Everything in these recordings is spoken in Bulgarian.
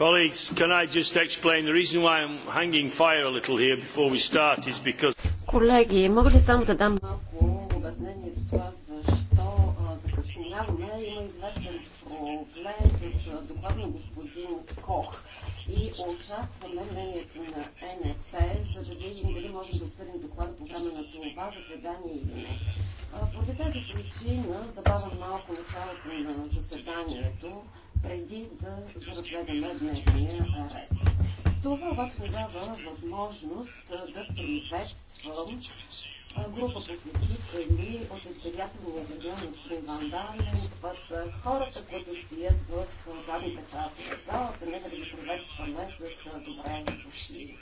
Colleagues, can I just explain the reason why I'm hanging fire a little here before we start is because... Колеги, мога ли само да дам малко обяснение за това, защо закъсняваме? Има известен проблем с доклад на господин Кох и очакваме мнението на НФП, за да видим дали можем да обсъдим доклада по време на това заседание или не. Поради тази причина забавям малко началото на заседанието преди да разгледаме дневния ред. Това обаче дава възможност да приветствам група посетители от избирателния регион от Криван Дален, път хората, които стоят в задната част на залата, нека да ги приветстваме с добре души.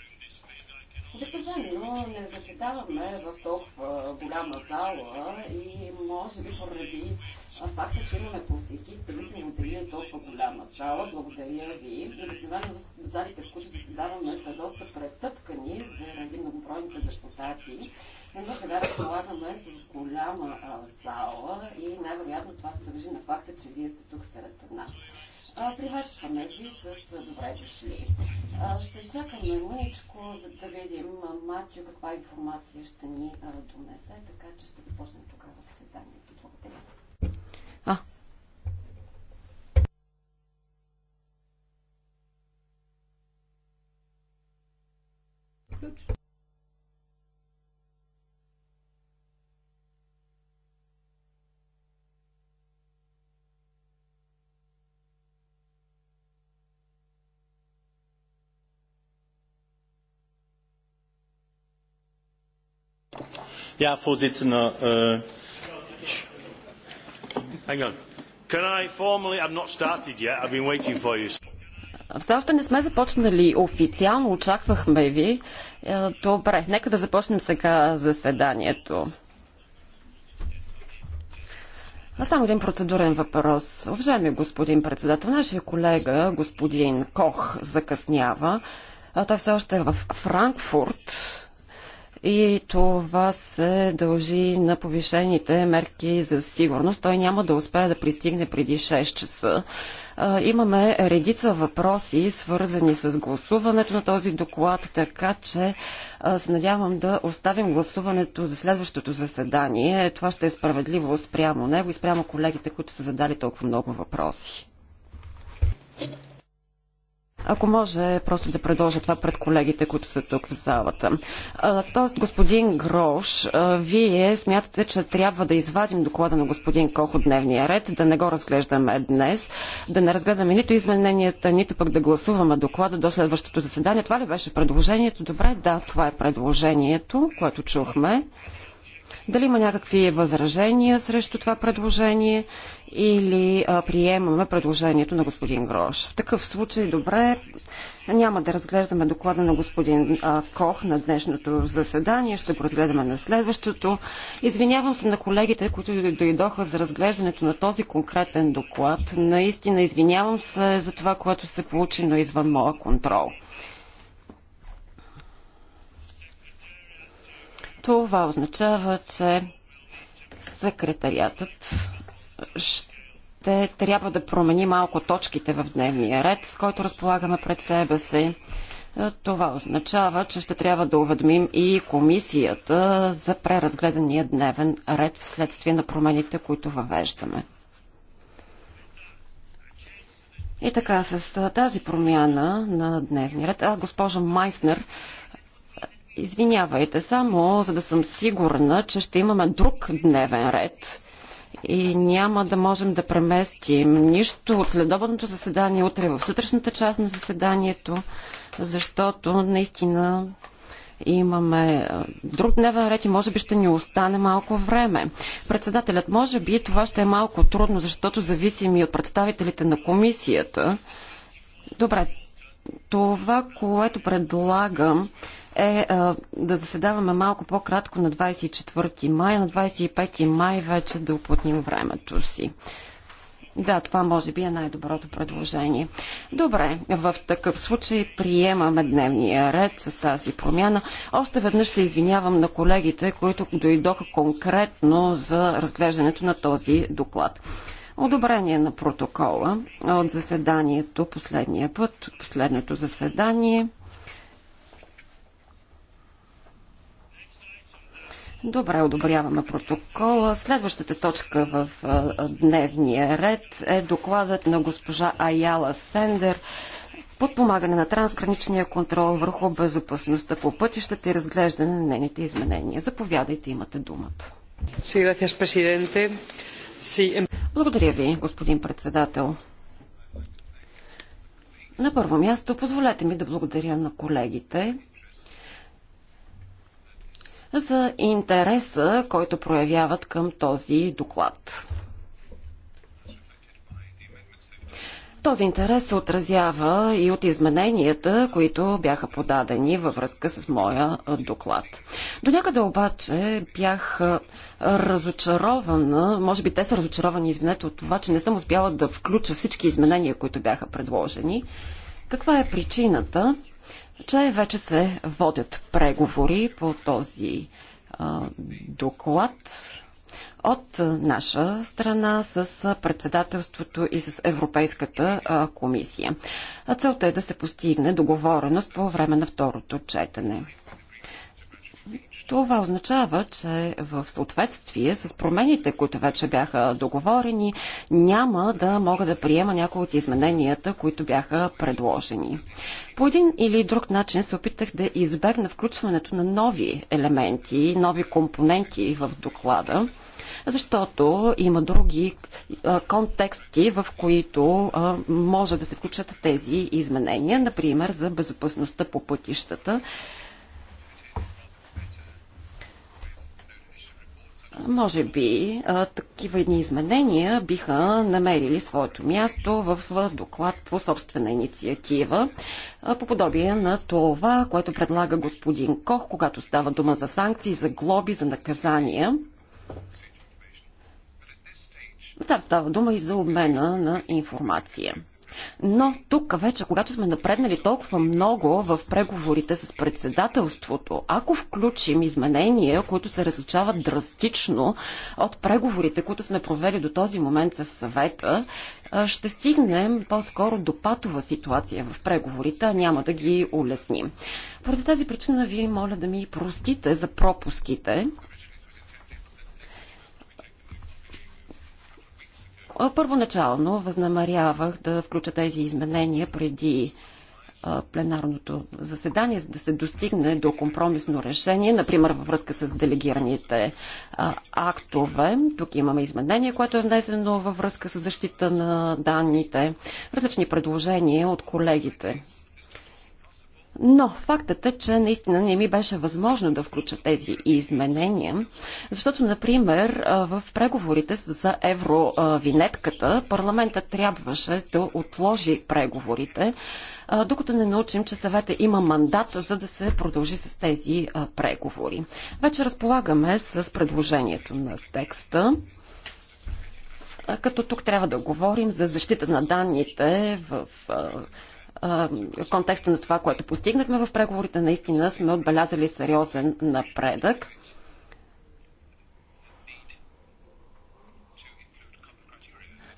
Обикновено не заседаваме в толкова голяма зала и може би поради Факта, че имаме посети, зависимо от дали е толкова голяма зала, благодаря ви. Обикновено залите, в които заседаваме, са доста претъпкани заради многобройните депутати. Но сега разполагаме с голяма а, зала и най-вероятно това се дължи на факта, че вие сте тук сред нас. Привършваме ви с добре дошли. ще изчакаме мъничко, за да видим Матио каква информация ще ни а, донесе, така че ще започнем тогава заседанието. Благодаря. ключ. Ja, Vorsitzender. Äh hang on. can i formally I've not started yet I've been waiting for you. Все още не сме започнали официално, очаквахме ви. Е, добре, нека да започнем сега заседанието. А само един процедурен въпрос. Уважаеми господин председател, нашия колега, господин Кох, закъснява. Той все още е в Франкфурт и това се дължи на повишените мерки за сигурност. Той няма да успее да пристигне преди 6 часа. Имаме редица въпроси, свързани с гласуването на този доклад, така че се надявам да оставим гласуването за следващото заседание. Това ще е справедливо спрямо него и спрямо колегите, които са задали толкова много въпроси. Ако може, просто да предложа това пред колегите, които са тук в залата. Тоест, господин Грош, вие смятате, че трябва да извадим доклада на господин Кох от дневния ред, да не го разглеждаме днес, да не разгледаме нито измененията, нито пък да гласуваме доклада до следващото заседание. Това ли беше предложението? Добре, да, това е предложението, което чухме. Дали има някакви възражения срещу това предложение или а, приемаме предложението на господин Грош? В такъв случай, добре, няма да разглеждаме доклада на господин а, Кох на днешното заседание, ще го разгледаме на следващото. Извинявам се на колегите, които дойдоха за разглеждането на този конкретен доклад. Наистина извинявам се за това, което се получи, но извън моя контрол. Това означава, че секретариатът ще трябва да промени малко точките в дневния ред, с който разполагаме пред себе си. Това означава, че ще трябва да уведмим и комисията за преразгледания дневен ред вследствие на промените, които въвеждаме. И така, с тази промяна на дневния ред, а госпожа Майснер Извинявайте, само за да съм сигурна, че ще имаме друг дневен ред и няма да можем да преместим нищо от следобедното заседание утре в сутрешната част на заседанието, защото наистина имаме друг дневен ред и може би ще ни остане малко време. Председателят, може би това ще е малко трудно, защото зависим и от представителите на комисията. Добре, това, което предлагам е а, е, да заседаваме малко по-кратко на 24 май, на 25 май вече да уплътним времето си. Да, това може би е най-доброто предложение. Добре, в такъв случай приемаме дневния ред с тази промяна. Още веднъж се извинявам на колегите, които дойдоха конкретно за разглеждането на този доклад. Одобрение на протокола от заседанието последния път, последното заседание. Добре, одобряваме протокола. Следващата точка в дневния ред е докладът на госпожа Аяла Сендер подпомагане на трансграничния контрол върху безопасността по пътищата и разглеждане на нейните изменения. Заповядайте, имате думата. Благодаря ви, господин председател. На първо място, позволете ми да благодаря на колегите, за интереса, който проявяват към този доклад. Този интерес се отразява и от измененията, които бяха подадени във връзка с моя доклад. До някъде обаче бях разочарована, може би те са разочаровани, извинете, от това, че не съм успяла да включа всички изменения, които бяха предложени. Каква е причината? че вече се водят преговори по този а, доклад от наша страна с председателството и с Европейската комисия. Целта е да се постигне договореност по време на второто четене. Това означава, че в съответствие с промените, които вече бяха договорени, няма да мога да приема някои от измененията, които бяха предложени. По един или друг начин се опитах да избегна включването на нови елементи, нови компоненти в доклада защото има други контексти, в които може да се включат тези изменения, например за безопасността по пътищата Може би такива едни изменения биха намерили своето място в доклад по собствена инициатива, по подобие на това, което предлага господин Кох, когато става дума за санкции, за глоби, за наказания. Да, става дума и за обмена на информация. Но тук вече, когато сме напреднали толкова много в преговорите с председателството, ако включим изменения, които се различават драстично от преговорите, които сме провели до този момент с съвета, ще стигнем по-скоро до патова ситуация в преговорите, а няма да ги улесним. Поради тази причина ви моля да ми простите за пропуските, Първоначално възнамерявах да включа тези изменения преди пленарното заседание, за да се достигне до компромисно решение, например във връзка с делегираните а, актове. Тук имаме изменение, което е внесено във връзка с защита на данните. Различни предложения от колегите. Но фактът е, че наистина не ми беше възможно да включа тези изменения, защото, например, в преговорите за евровинетката парламента трябваше да отложи преговорите, докато не научим, че съвета има мандат за да се продължи с тези преговори. Вече разполагаме с предложението на текста като тук трябва да говорим за защита на данните в в контекста на това, което постигнахме в преговорите, наистина сме отбелязали сериозен напредък.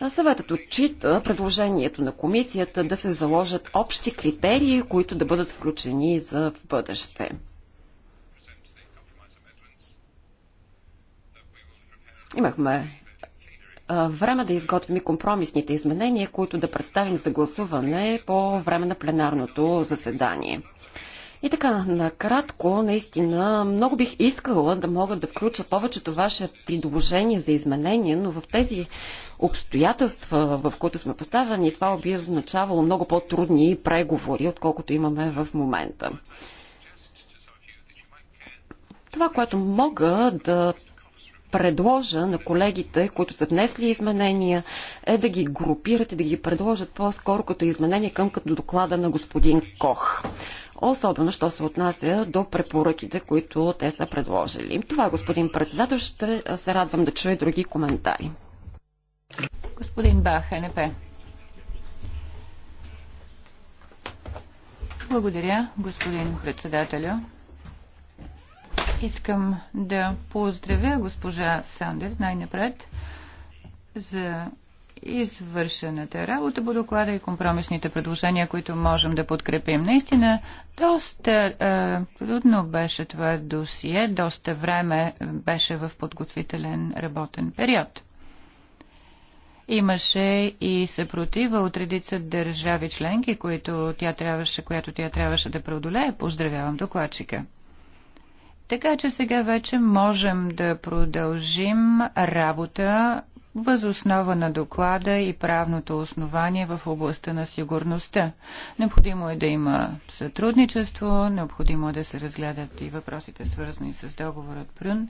Съветът отчита предложението на комисията да се заложат общи критерии, които да бъдат включени за в бъдеще. Имахме време да изготвим и компромисните изменения, които да представим за гласуване по време на пленарното заседание. И така, накратко, наистина, много бих искала да мога да включа повечето ваше предложение за изменение, но в тези обстоятелства, в които сме поставени, това би означавало много по-трудни преговори, отколкото имаме в момента. Това, което мога да предложа на колегите, които са внесли изменения, е да ги групират и да ги предложат по-скоро като изменение към като доклада на господин Кох. Особено, що се отнася до препоръките, които те са предложили. Това, господин председател, ще се радвам да чуя други коментари. Господин Бах, НП. Благодаря, господин председателю. Искам да поздравя госпожа Сандер най-напред за извършената работа по доклада и компромисните предложения, които можем да подкрепим. Наистина, доста е, трудно беше това досие, доста време беше в подготвителен работен период. Имаше и съпротива от редица държави членки, които тя трябваше, която тя трябваше да преодолее. Поздравявам докладчика. Така че сега вече можем да продължим работа възоснова на доклада и правното основание в областта на сигурността. Необходимо е да има сътрудничество, необходимо е да се разгледат и въпросите свързани с договорът Прюн.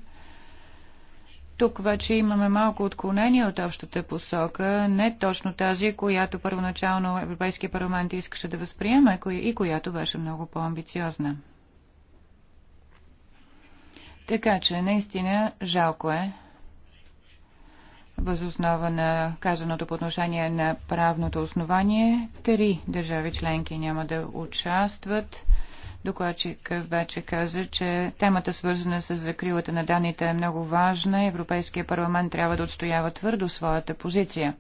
Тук вече имаме малко отклонение от общата посока, не точно тази, която първоначално Европейския парламент искаше да възприеме и която беше много по-амбициозна. Така че, наистина, жалко е, възоснова на казаното по отношение на правното основание, три държави членки няма да участват. Докладчик вече каза, че темата свързана с закрилата на данните е много важна. Европейския парламент трябва да отстоява твърдо своята позиция.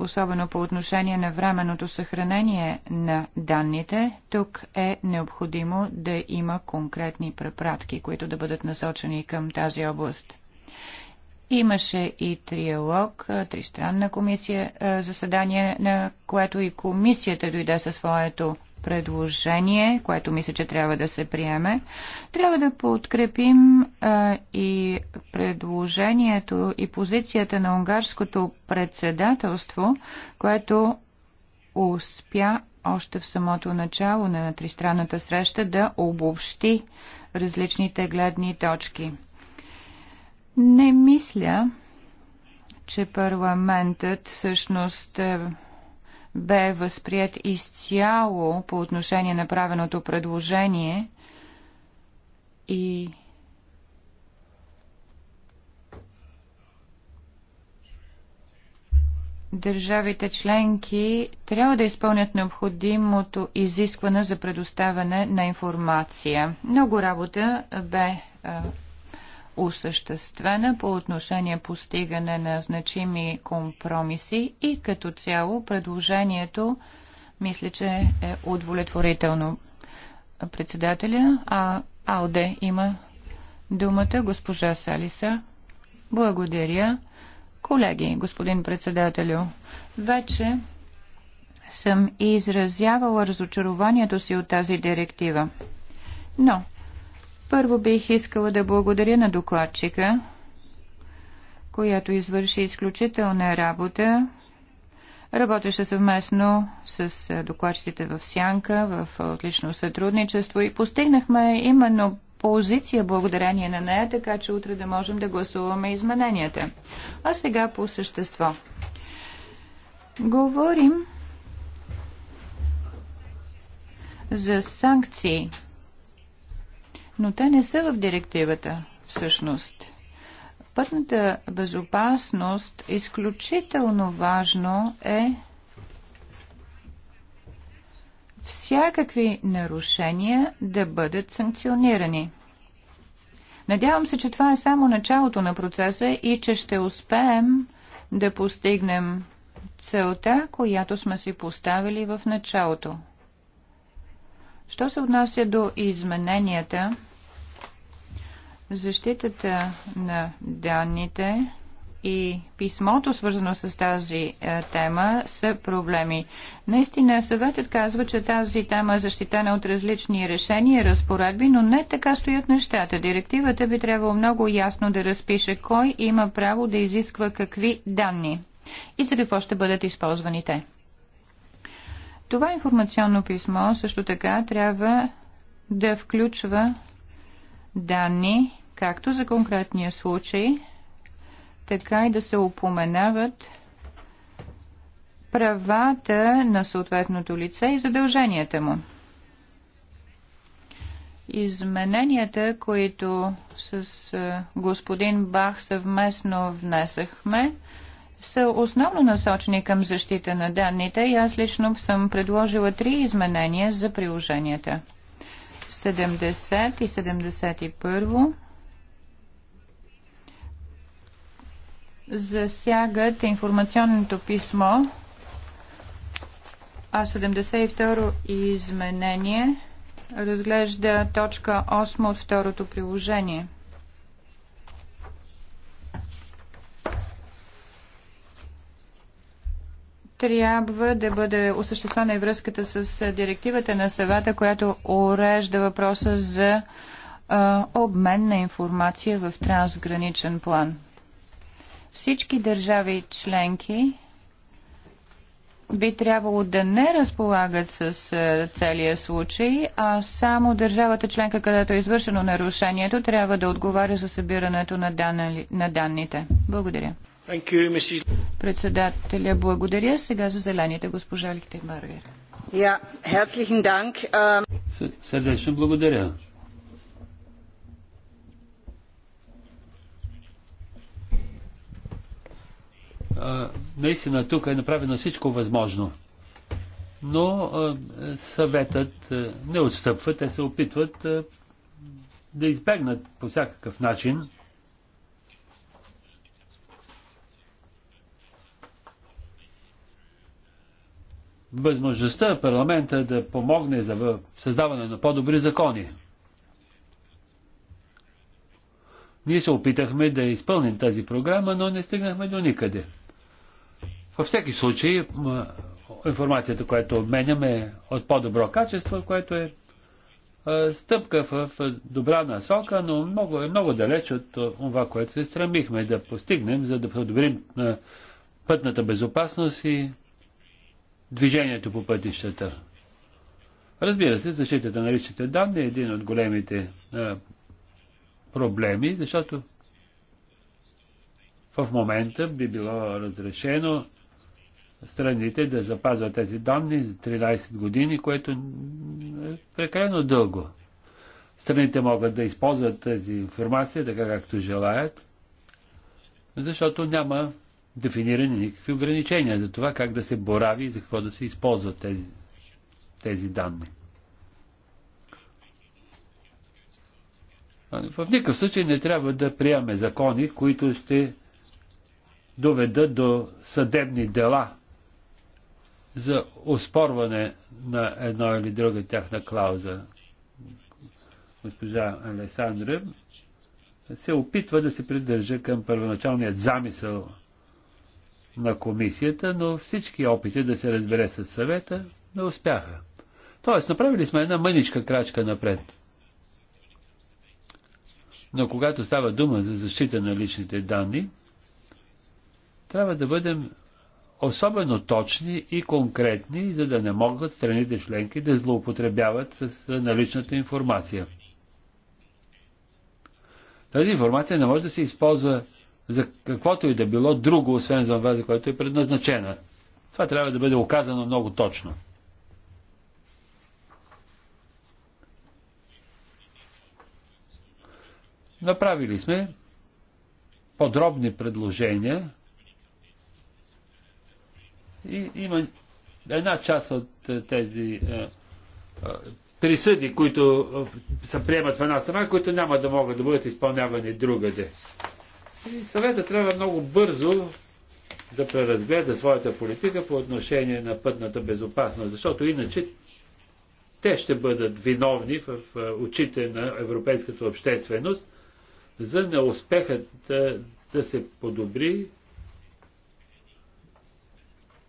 особено по отношение на временното съхранение на данните, тук е необходимо да има конкретни препратки, които да бъдат насочени към тази област. Имаше и триалог, тристранна комисия, заседание, на което и комисията дойде със своето предложение, което мисля, че трябва да се приеме. Трябва да подкрепим а, и предложението и позицията на унгарското председателство, което успя още в самото начало на тристранната среща да обобщи различните гледни точки. Не мисля, че парламентът всъщност е, бе възприят изцяло по отношение на правеното предложение и държавите членки трябва да изпълнят необходимото изискване за предоставяне на информация. Много работа бе осъществена по отношение постигане на значими компромиси и като цяло предложението мисля, че е удовлетворително. Председателя, а Алде има думата, госпожа Салиса. Благодаря. Колеги, господин председателю, вече съм изразявала разочарованието си от тази директива. Но първо бих искала да благодаря на докладчика, която извърши изключителна работа, работеше съвместно с докладчиците в Сянка, в отлично сътрудничество и постигнахме именно позиция благодарение на нея, така че утре да можем да гласуваме измененията. А сега по същество. Говорим за санкции но те не са в директивата всъщност. Пътната безопасност изключително важно е всякакви нарушения да бъдат санкционирани. Надявам се, че това е само началото на процеса и че ще успеем да постигнем целта, която сме си поставили в началото. Що се отнася до измененията, Защитата на данните и писмото, свързано с тази е, тема, са проблеми. Наистина, съветът казва, че тази тема е защитена от различни решения и разпоредби, но не така стоят нещата. Директивата би трябвало много ясно да разпише кой има право да изисква какви данни и за какво ще бъдат използвани те. Това информационно писмо също така трябва да включва данни, както за конкретния случай, така и да се упоменават правата на съответното лице и задълженията му. Измененията, които с е, господин Бах съвместно внесахме, са основно насочени към защита на данните и аз лично съм предложила три изменения за приложенията. 70 и 71 засягат информационното писмо, а 72 изменение разглежда точка 8 от второто приложение. трябва да бъде осъществена и връзката с директивата на съвета, която урежда въпроса за а, обмен на информация в трансграничен план всички държави членки би трябвало да не разполагат с е, целия случай, а само държавата членка, където е извършено нарушението, трябва да отговаря за събирането на, данни, на данните. Благодаря. You, Председателя, благодаря. Сега за зелените госпожа Лихтенбергер. Yeah, Сърдечно благодаря. наистина тук е направено всичко възможно. Но съветът не отстъпва, те се опитват да избегнат по всякакъв начин възможността парламента да помогне за създаване на по-добри закони. Ние се опитахме да изпълним тази програма, но не стигнахме до никъде. Във всеки случай, информацията, която обменяме е от по-добро качество, което е стъпка в добра насока, но много, е много далеч от това, което се стремихме да постигнем, за да подобрим пътната безопасност и движението по пътищата. Разбира се, защитата на личните данни е един от големите е, проблеми, защото в момента би било разрешено страните да запазват тези данни за 13 години, което е прекалено дълго. Страните могат да използват тази информация така както желаят, защото няма дефинирани никакви ограничения за това как да се борави и за какво да се използват тези, тези данни. В никакъв случай не трябва да приемаме закони, които ще доведат до съдебни дела за оспорване на едно или друга тяхна клауза. Госпожа Алесандра се опитва да се придържа към първоначалният замисъл на комисията, но всички опити да се разбере с съвета не успяха. Тоест, направили сме една мъничка крачка напред. Но когато става дума за защита на личните данни, трябва да бъдем особено точни и конкретни, за да не могат страните членки да злоупотребяват с наличната информация. Тази информация не може да се използва за каквото и да било друго, освен за това, за което е предназначена. Това трябва да бъде оказано много точно. Направили сме подробни предложения и има една част от е, тези е, е, присъди, които се приемат в една страна, които няма да могат да бъдат изпълнявани другаде. И съвета трябва много бързо да преразгледа своята политика по отношение на пътната безопасност, защото иначе те ще бъдат виновни в очите на европейската общественост за неуспехът да, да се подобри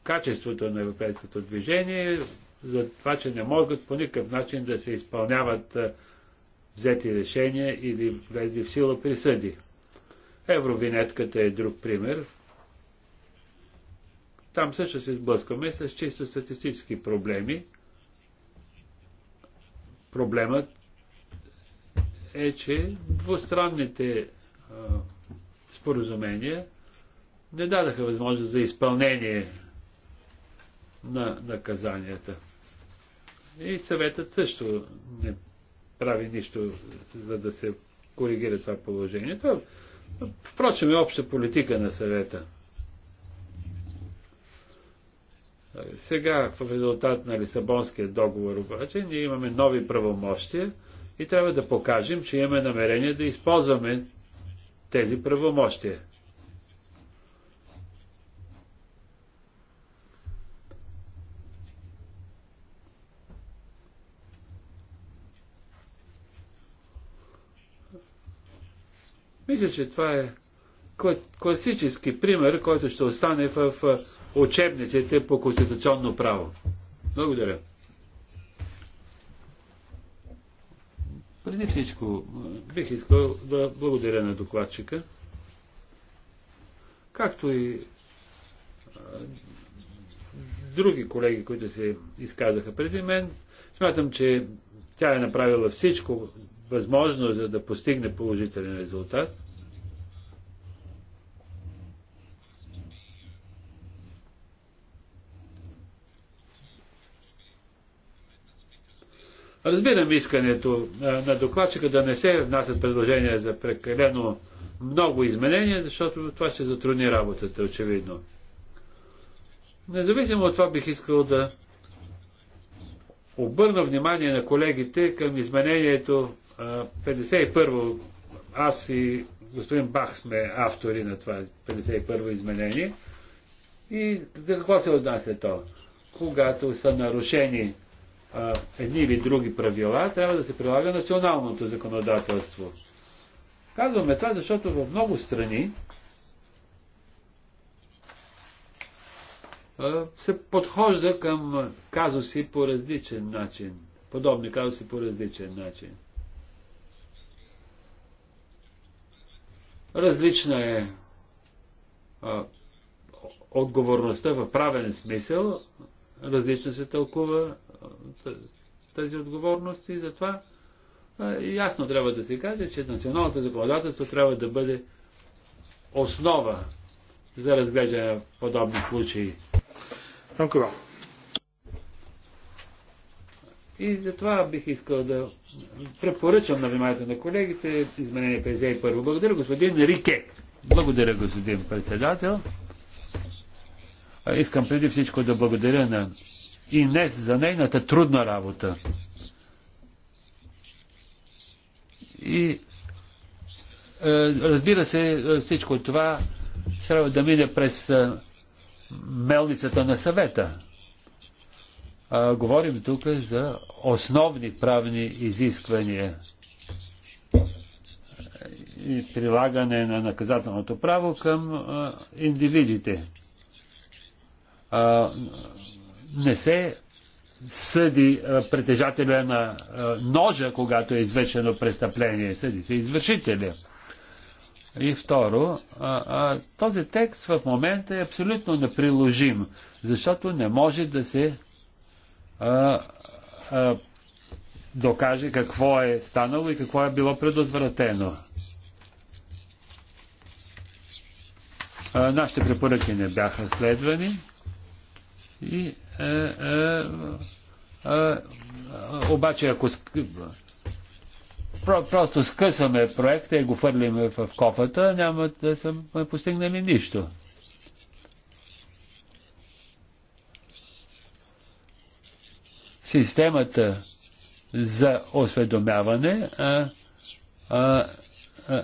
качеството на европейското движение, за това, че не могат по никакъв начин да се изпълняват взети решения или влезли в сила присъди. Евровинетката е друг пример. Там също се сблъскваме с чисто статистически проблеми. Проблемът е, че двустранните а, споразумения не дадаха възможност за изпълнение на наказанията. И съветът също не прави нищо, за да се коригира това положение. Това, впрочем, е обща политика на съвета. Сега, в резултат на Лисабонския договор, обаче, ние имаме нови правомощия и трябва да покажем, че имаме намерение да използваме тези правомощия. Мисля, че това е класически пример, който ще остане в учебниците по конституционно право. Благодаря. Преди всичко, е, бих искал да благодаря на докладчика, както и е, други колеги, които се изказаха преди мен. Смятам, че тя е направила всичко възможно, за да постигне положителен резултат. Разбирам искането на докладчика да не се внасят предложения за прекалено много изменения, защото това ще затрудни работата, очевидно. Независимо от това бих искал да обърна внимание на колегите към изменението 51. Аз и господин Бах сме автори на това 51 изменение. И за какво се отнася то? Когато са нарушени едни или други правила, трябва да се прилага националното законодателство. Казваме това, защото в много страни се подхожда към казуси по различен начин. Подобни казуси по различен начин. Различна е отговорността в правен смисъл, различно се тълкува тази отговорност и затова ясно трябва да се каже, че националното законодателство трябва да бъде основа за разглеждане на подобни случаи. И затова бих искал да препоръчам на вниманието на колегите изменение 51. Благодаря, господин Рике. Благодаря, господин председател. Искам преди всичко да благодаря на и днес за нейната трудна работа. И е, разбира се, всичко това трябва да мине през е, мелницата на съвета. Е, говорим тук за основни правни изисквания и прилагане на наказателното право към а, е, индивидите. А, не се съди притежателя на ножа, когато е извършено престъпление, съди се извършителя. И второ, а, а, този текст в момента е абсолютно неприложим, защото не може да се а, а, докаже какво е станало и какво е било предотвратено. А, нашите препоръки не бяха следвани и е, е, е, обаче ако просто скъсаме проекта и го фърлим в кофата, няма да сме постигнали нищо. Системата за осведомяване а, а, а,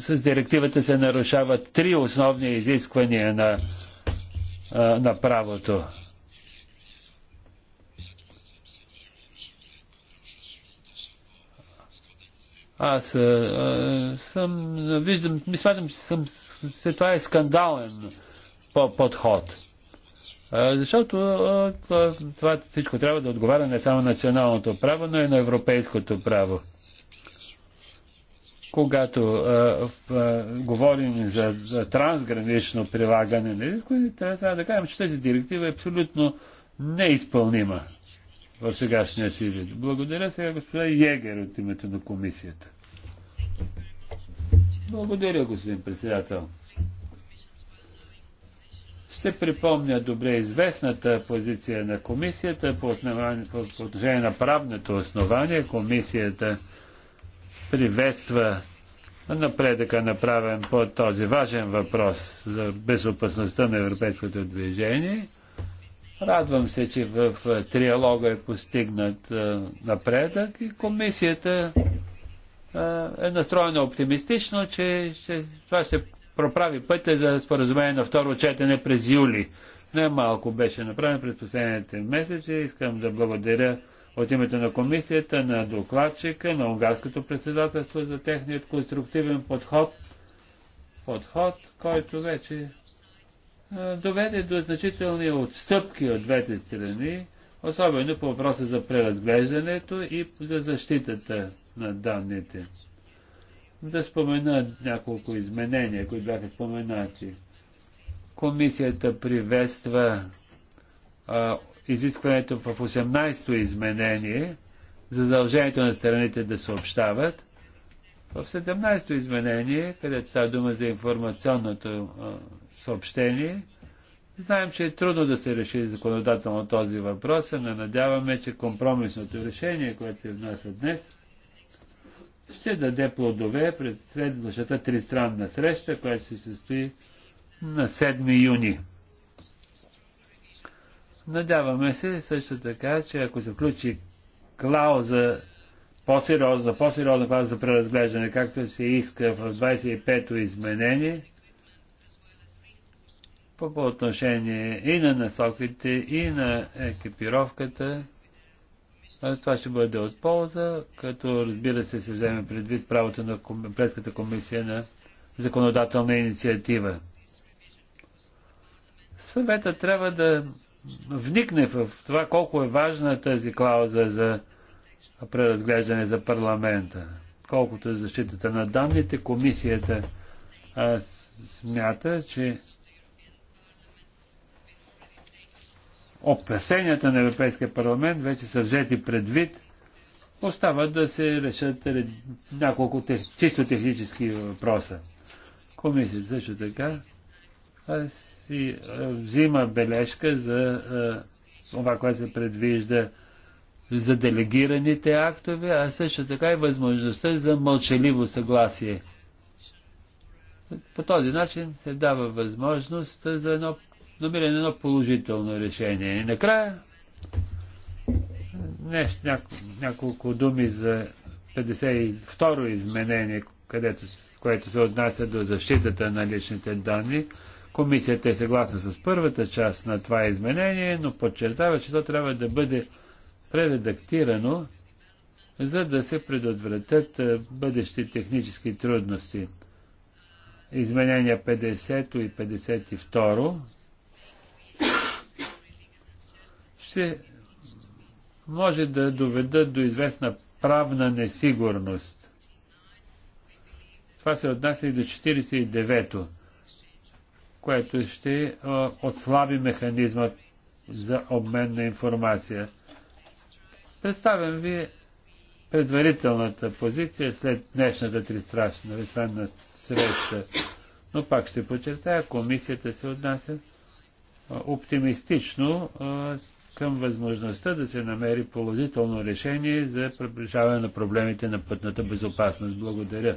с директивата се нарушават три основни изисквания на, на правото. Аз а, съм, виждам, ми смятам, че съм, се, това е скандален по подход. А, защото а, това, това всичко трябва да отговаря не само националното право, но и на европейското право когато а, а, говорим за, за трансгранично прилагане на нали, рискове, трябва, трябва да кажем, че тази директива е абсолютно неизпълнима в сегашния си вид. Благодаря сега господа Егер от името на комисията. Благодаря, господин председател. Ще припомня добре известната позиция на комисията по, основание, по, по отношение на правното основание. Комисията приветства напредъка направен по този важен въпрос за безопасността на европейското движение. Радвам се, че в триалога е постигнат е, напредък и комисията е, е настроена оптимистично, че ще, това ще проправи пътя за споразумение на второ четене през юли. Не малко беше направено през последните месеци. Искам да благодаря от името на комисията, на докладчика, на унгарското председателство за техният конструктивен подход, подход, който вече доведе до значителни отстъпки от двете страни, особено по въпроса за преразглеждането и за защитата на данните. Да спомена няколко изменения, които бяха споменати. Комисията приветства а, изискването в 18-то изменение, задължението на страните да съобщават, в 17-то изменение, където става дума за информационното а, съобщение, знаем, че е трудно да се реши законодателно този въпрос, но надяваме, че компромисното решение, което се внася днес, ще даде плодове пред следващата тристранна среща, която се състои на 7 юни. Надяваме се също така, че ако се включи клауза по-сериозна, по-сериозна клауза за преразглеждане, както се иска в 25-то изменение, по, отношение и на насоките, и на екипировката, това ще бъде от полза, като разбира се се вземе предвид правото на Предската комисия на законодателна инициатива. Съветът трябва да вникне в това колко е важна тази клауза за преразглеждане за парламента. Колкото е защитата на данните, комисията а, смята, че опасенията на Европейския парламент вече са взети предвид. Остават да се решат няколко тех, чисто технически въпроса. Комисията също така си е, взима бележка за е, това, което се предвижда за делегираните актове, а също така и възможността за мълчаливо съгласие. По този начин се дава възможност за едно намиране едно положително решение. И накрая нещо, няколко, няколко думи за 52-ро изменение, където, което се отнася до защитата на личните данни. Комисията е съгласна с първата част на това изменение, но подчертава, че то трябва да бъде прередактирано, за да се предотвратят е, бъдещи технически трудности. Изменения 50 и 52 ще може да доведат до известна правна несигурност. Това се отнася и до 49-то което ще отслаби механизма за обмен на информация. Представям ви предварителната позиция след днешната тристрашна весенна среща. Но пак ще подчертая, комисията се отнася оптимистично към възможността да се намери положително решение за приближаване на проблемите на пътната безопасност. Благодаря.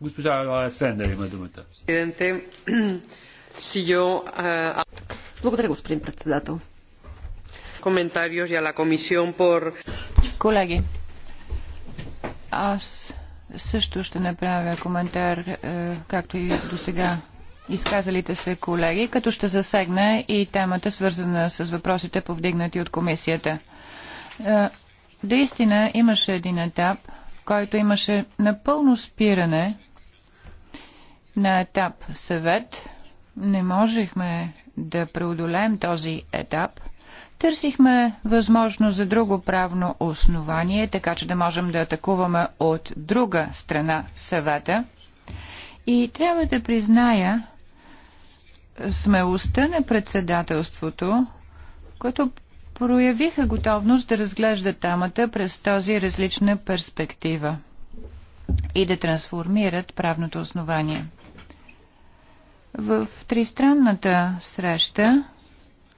Госпожа Сендер има думата. Благодаря, господин председател. Колеги, аз също ще направя коментар, е, както и до сега изказалите се колеги, като ще засегна и темата, свързана с въпросите, повдигнати от комисията. Е, наистина имаше един етап, в който имаше напълно спиране на етап съвет не можехме да преодолеем този етап. Търсихме възможност за друго правно основание, така че да можем да атакуваме от друга страна съвета. И трябва да призная смелостта на председателството, което проявиха готовност да разглежда тамата през този различна перспектива и да трансформират правното основание. В тристранната среща,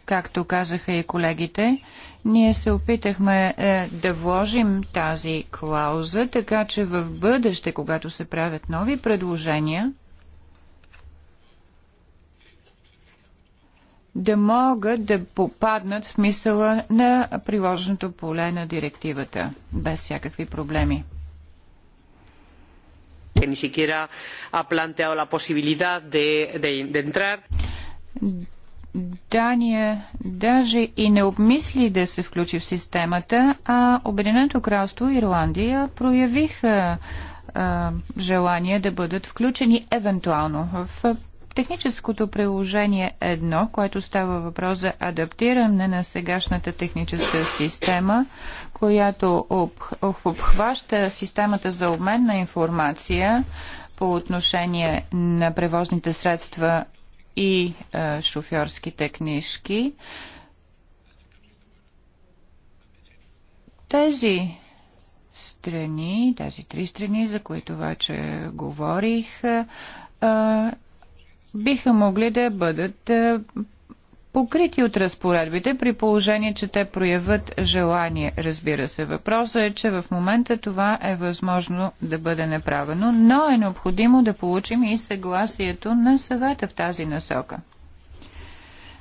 както казаха и колегите, ние се опитахме е, да вложим тази клауза, така че в бъдеще, когато се правят нови предложения, да могат да попаднат в мисъла на приложеното поле на директивата без всякакви проблеми que ni siquiera ha planteado la posibilidad de, de, de entrar. Дания даже и не обмисли да се включи в системата, а Обединеното кралство и Ирландия проявиха а, желание да бъдат включени евентуално в Техническото приложение 1, което става въпрос за адаптиране на сегашната техническа система, която обхваща системата за обмен на информация по отношение на превозните средства и е, шофьорските книжки. Тези страни, тези три страни, за които вече говорих, е, е биха могли да бъдат е, покрити от разпоредбите, при положение, че те проявят желание. Разбира се, въпросът е, че в момента това е възможно да бъде направено, но е необходимо да получим и съгласието на съвета в тази насока.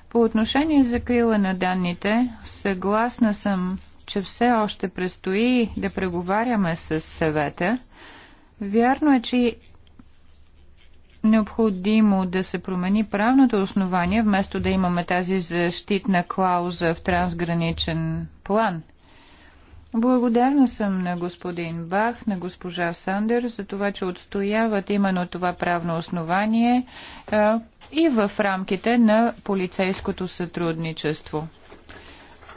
По отношение за крила на данните, съгласна съм, че все още предстои да преговаряме с съвета. Вярно е, че необходимо да се промени правното основание, вместо да имаме тази защитна клауза в трансграничен план. Благодарна съм на господин Бах, на госпожа Сандер за това, че отстояват именно това правно основание а, и в рамките на полицейското сътрудничество.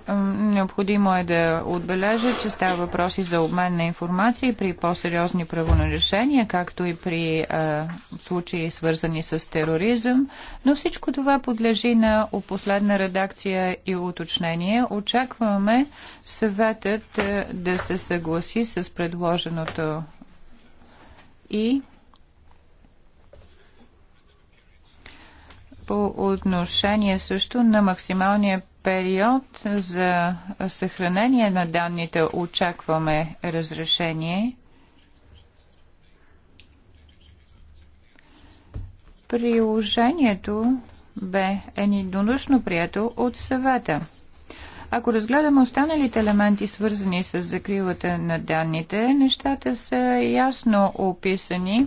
Необходимо е да отбележа, че става въпроси за обмен на информация при по-сериозни правонарешения, както и при а, случаи свързани с тероризъм, но всичко това подлежи на последна редакция и уточнение. Очакваме съветът да се съгласи с предложеното и по отношение също на максималния период за съхранение на данните очакваме разрешение. Приложението бе единодушно прието от съвета. Ако разгледаме останалите елементи, свързани с закрилата на данните, нещата са ясно описани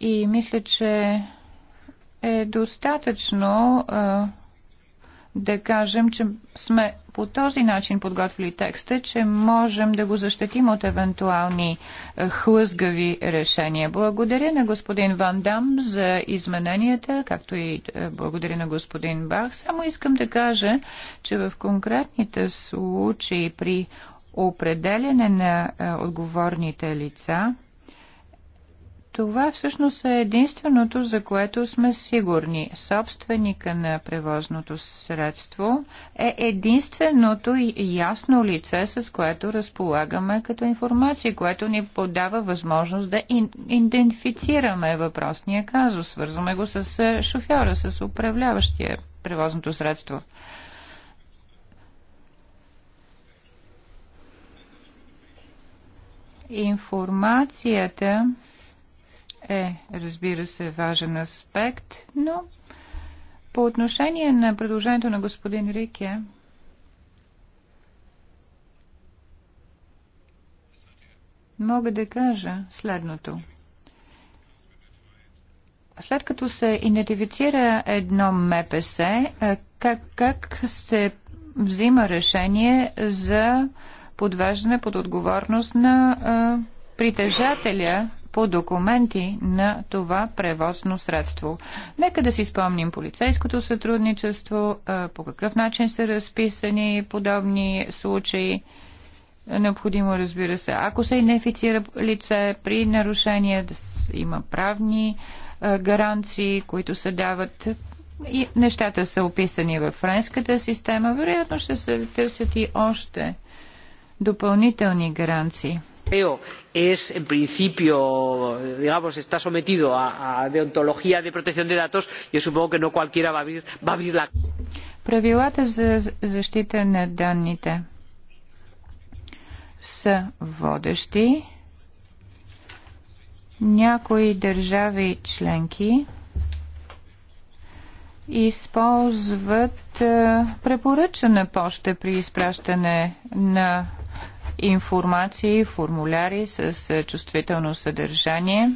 и мисля, че е достатъчно а, да кажем, че сме по този начин подготвили текста, че можем да го защитим от евентуални е, хлъзгави решения. Благодаря на господин Ван Дам за измененията, както и е, благодаря на господин Бах. Само искам да кажа, че в конкретните случаи при определяне на е, отговорните лица, това всъщност е единственото, за което сме сигурни. Собственика на превозното средство е единственото и ясно лице, с което разполагаме като информация, което ни подава възможност да идентифицираме въпросния казус. Свързваме го с е, шофьора, с управляващия превозното средство. Информацията е, разбира се, важен аспект, но по отношение на предложението на господин Рике, мога да кажа следното. След като се идентифицира едно МПС, е, как, как се взима решение за подвеждане под отговорност на а, е, притежателя по документи на това превозно средство. Нека да си спомним полицейското сътрудничество, по какъв начин са разписани подобни случаи. Необходимо, разбира се, ако се инефицира лице при нарушение, да има правни гаранции, които се дават. И нещата са описани в френската система. Вероятно ще се търсят и още допълнителни гаранции europeo es en principio está sometido a, deontología de protección de datos yo supongo que no cualquiera va a abrir, va a abrir la Правилата за защита на данните са водещи. Някои държави членки използват препоръчана поща при изпращане на информации, формуляри с е, чувствително съдържание.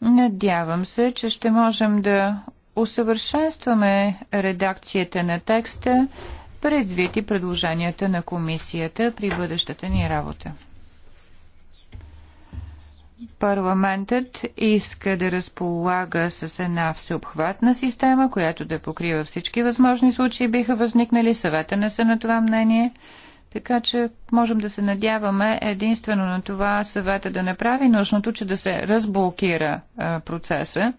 Надявам се, че ще можем да усъвършенстваме редакцията на текста предвид и предложенията на комисията при бъдещата ни работа. Парламентът иска да разполага с една всеобхватна система, която да покрива всички възможни случаи, биха възникнали. Съвета не са на това мнение. Така че можем да се надяваме единствено на това съвета да направи нужното, че да се разблокира а, процеса.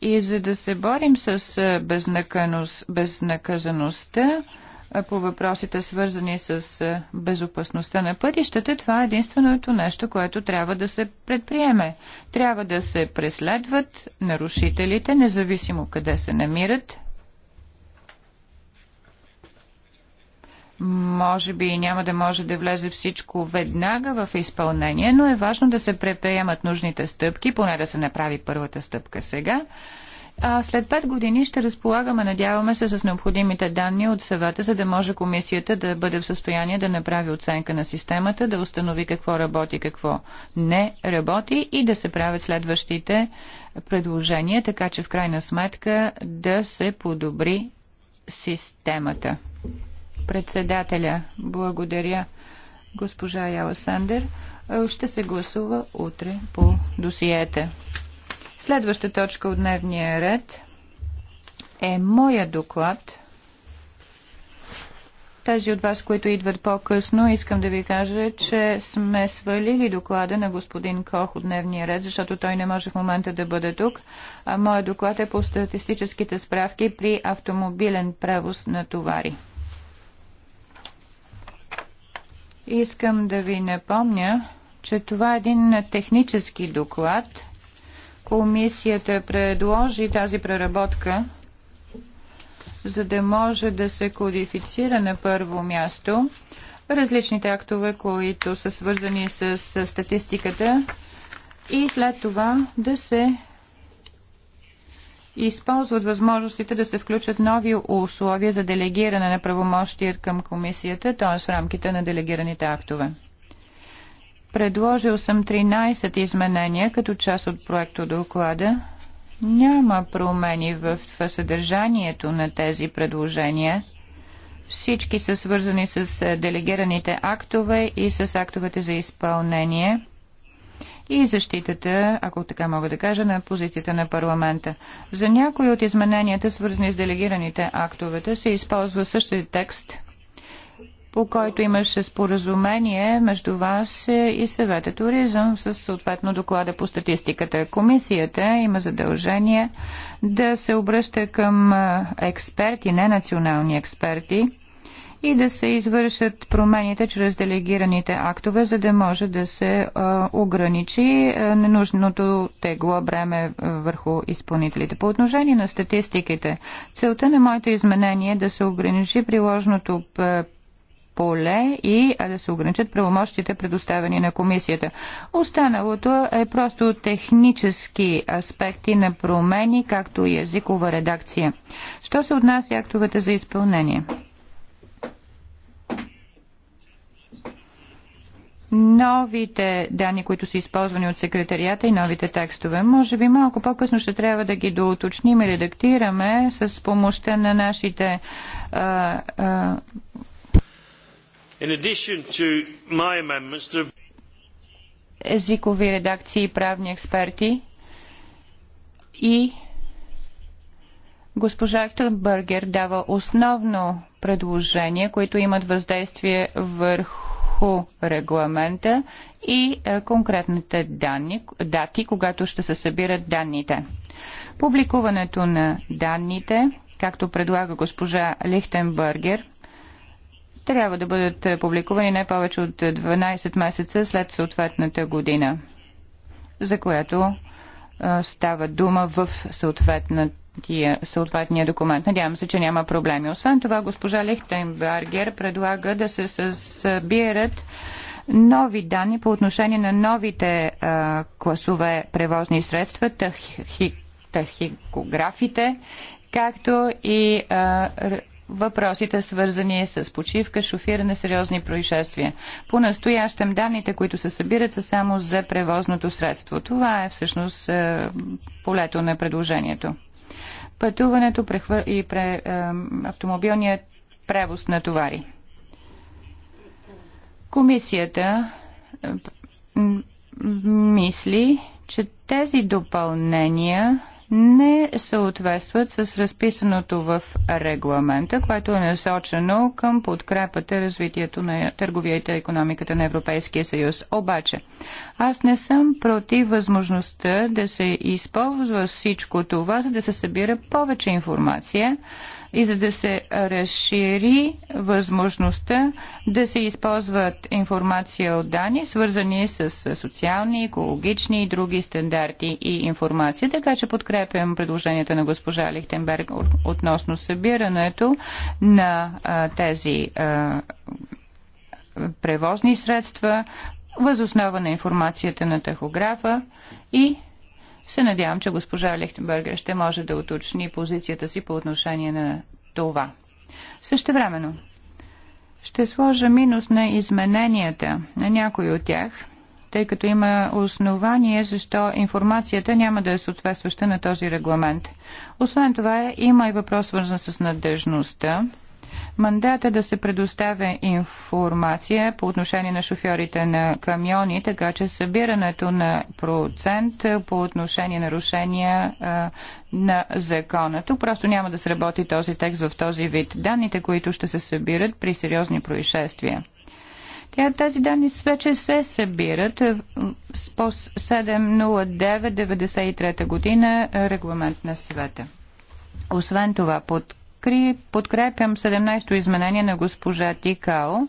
И за да се борим с безнаказаността, по въпросите свързани с е, безопасността на пътищата, това е единственото нещо, което трябва да се предприеме. Трябва да се преследват нарушителите, независимо къде се намират. Може би няма да може да влезе всичко веднага в изпълнение, но е важно да се предприемат нужните стъпки, поне да се направи първата стъпка сега а след 5 години ще разполагаме, надяваме се, с необходимите данни от съвета, за да може комисията да бъде в състояние да направи оценка на системата, да установи какво работи, какво не работи и да се правят следващите предложения, така че в крайна сметка да се подобри системата. Председателя, благодаря госпожа Яла Сандер. Ще се гласува утре по досиете. Следваща точка от дневния ред е моя доклад. Тези от вас, които идват по-късно, искам да ви кажа, че сме свалили доклада на господин Кох от дневния ред, защото той не може в момента да бъде тук. А моят доклад е по статистическите справки при автомобилен превоз на товари. Искам да ви напомня, че това е един технически доклад – комисията предложи тази преработка, за да може да се кодифицира на първо място различните актове, които са свързани с статистиката и след това да се използват възможностите да се включат нови условия за делегиране на правомощия към комисията, т.е. в рамките на делегираните актове. Предложил съм 13 изменения като част от проекто доклада. Няма промени в съдържанието на тези предложения. Всички са свързани с е, делегираните актове и с актовете за изпълнение и защитата, ако така мога да кажа, на позицията на парламента. За някои от измененията, свързани с делегираните актовете, се използва същия текст – по който имаше споразумение между вас и съвета туризъм с съответно доклада по статистиката. Комисията има задължение да се обръща към експерти, не национални експерти, и да се извършат промените чрез делегираните актове, за да може да се а, ограничи а, ненужното тегло бреме върху изпълнителите. По отношение на статистиките, целта на моето изменение е да се ограничи приложното поле и да се ограничат правомощите, предоставени на комисията. Останалото е просто технически аспекти на промени, както и езикова редакция. Що се отнася актовете за изпълнение? новите данни, които са използвани от секретарията и новите текстове. Може би малко по-късно ще трябва да ги доуточним и редактираме с помощта на нашите а, а, In addition to my amendments, there have езикови редакции и правни експерти и госпожа Ахтенбъргер дава основно предложение, които имат въздействие върху регламента и е, конкретните данни, дати, когато ще се събират данните. Публикуването на данните, както предлага госпожа Лихтенбъргер, трябва да бъдат е, публикувани не повече от 12 месеца след съответната година, за която е, става дума в съответната съответния документ. Надявам се, че няма проблеми. Освен това, госпожа Лихтенбергер предлага да се събират нови данни по отношение на новите а, е, класове превозни средства, тахи, тахикографите, както и а, въпросите свързани с почивка, шофиране, сериозни происшествия. По настоящем данните, които се събират, са само за превозното средство. Това е всъщност е, полето на предложението. Пътуването и е, автомобилният превоз на товари. Комисията е, мисли, че тези допълнения не съответстват с разписаното в регламента, което е насочено към подкрепата развитието на търговията и економиката на Европейския съюз. Обаче, аз не съм против възможността да се използва всичко това, за да се събира повече информация, и за да се разшири възможността да се използват информация от данни, свързани с социални, екологични и други стандарти и информация. Така че подкрепям предложенията на госпожа Лихтенберг относно събирането на а, тези а, превозни средства, възоснова на информацията на тахографа и се надявам, че госпожа Лихтенбергер ще може да уточни позицията си по отношение на това. времено, ще сложа минус на измененията на някои от тях, тъй като има основание защо информацията няма да е съответстваща на този регламент. Освен това, има и въпрос свързан с надежността Мандата да се предоставя информация по отношение на шофьорите на камиони, така че събирането на процент по отношение нарушения на закона. Тук просто няма да сработи този текст в този вид. Данните, които ще се събират при сериозни происшествия. Тя, тези данни вече се събират с по 709-93 година регламент на света. Освен това, под Кри, подкрепям 17-то изменение на госпожа Тикао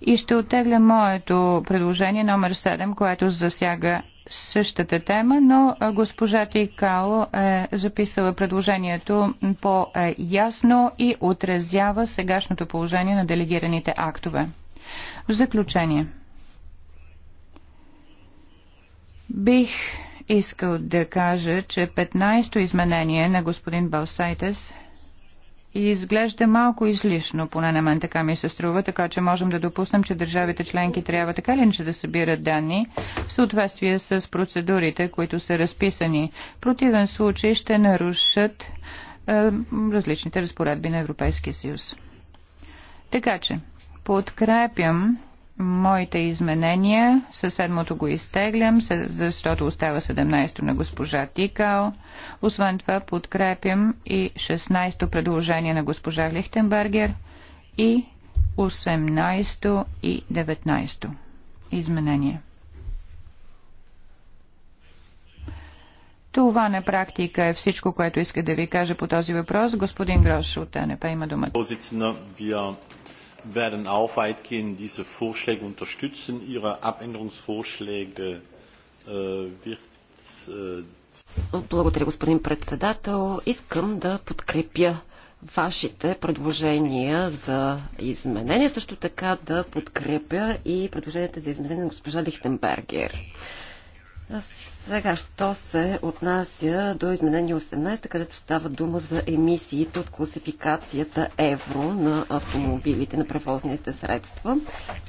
и ще отегля моето предложение номер 7, което засяга същата тема, но госпожа Тикао е записала предложението по-ясно и отразява сегашното положение на делегираните актове. В заключение, бих искал да кажа, че 15-то изменение на господин Балсайтес изглежда малко излишно, поне на мен така ми се струва, така че можем да допуснем, че държавите членки трябва така ли иначе да събират данни в съответствие с процедурите, които са разписани. В противен случай ще нарушат е, различните разпоредби на Европейския съюз. Така че, подкрепям моите изменения. Със седмото го изтеглям, защото остава 17-то на госпожа Тикал. Освен това подкрепям и 16-то предложение на госпожа Лихтенбергер и 18-то и 19-то изменение. Това на практика е всичко, което иска да ви кажа по този въпрос. Господин Грош от НП има думата werden auch weitgehend diese Vorschläge unterstützen. Ihre Abänderungsvorschläge äh, wird. Äh, Благодаря, господин председател. Искам да подкрепя вашите предложения за изменения, също така да подкрепя и предложенията за изменения на госпожа Лихтенбергер. Сега, що се отнася до изменение 18, където става дума за емисиите от класификацията евро на автомобилите, на превозните средства.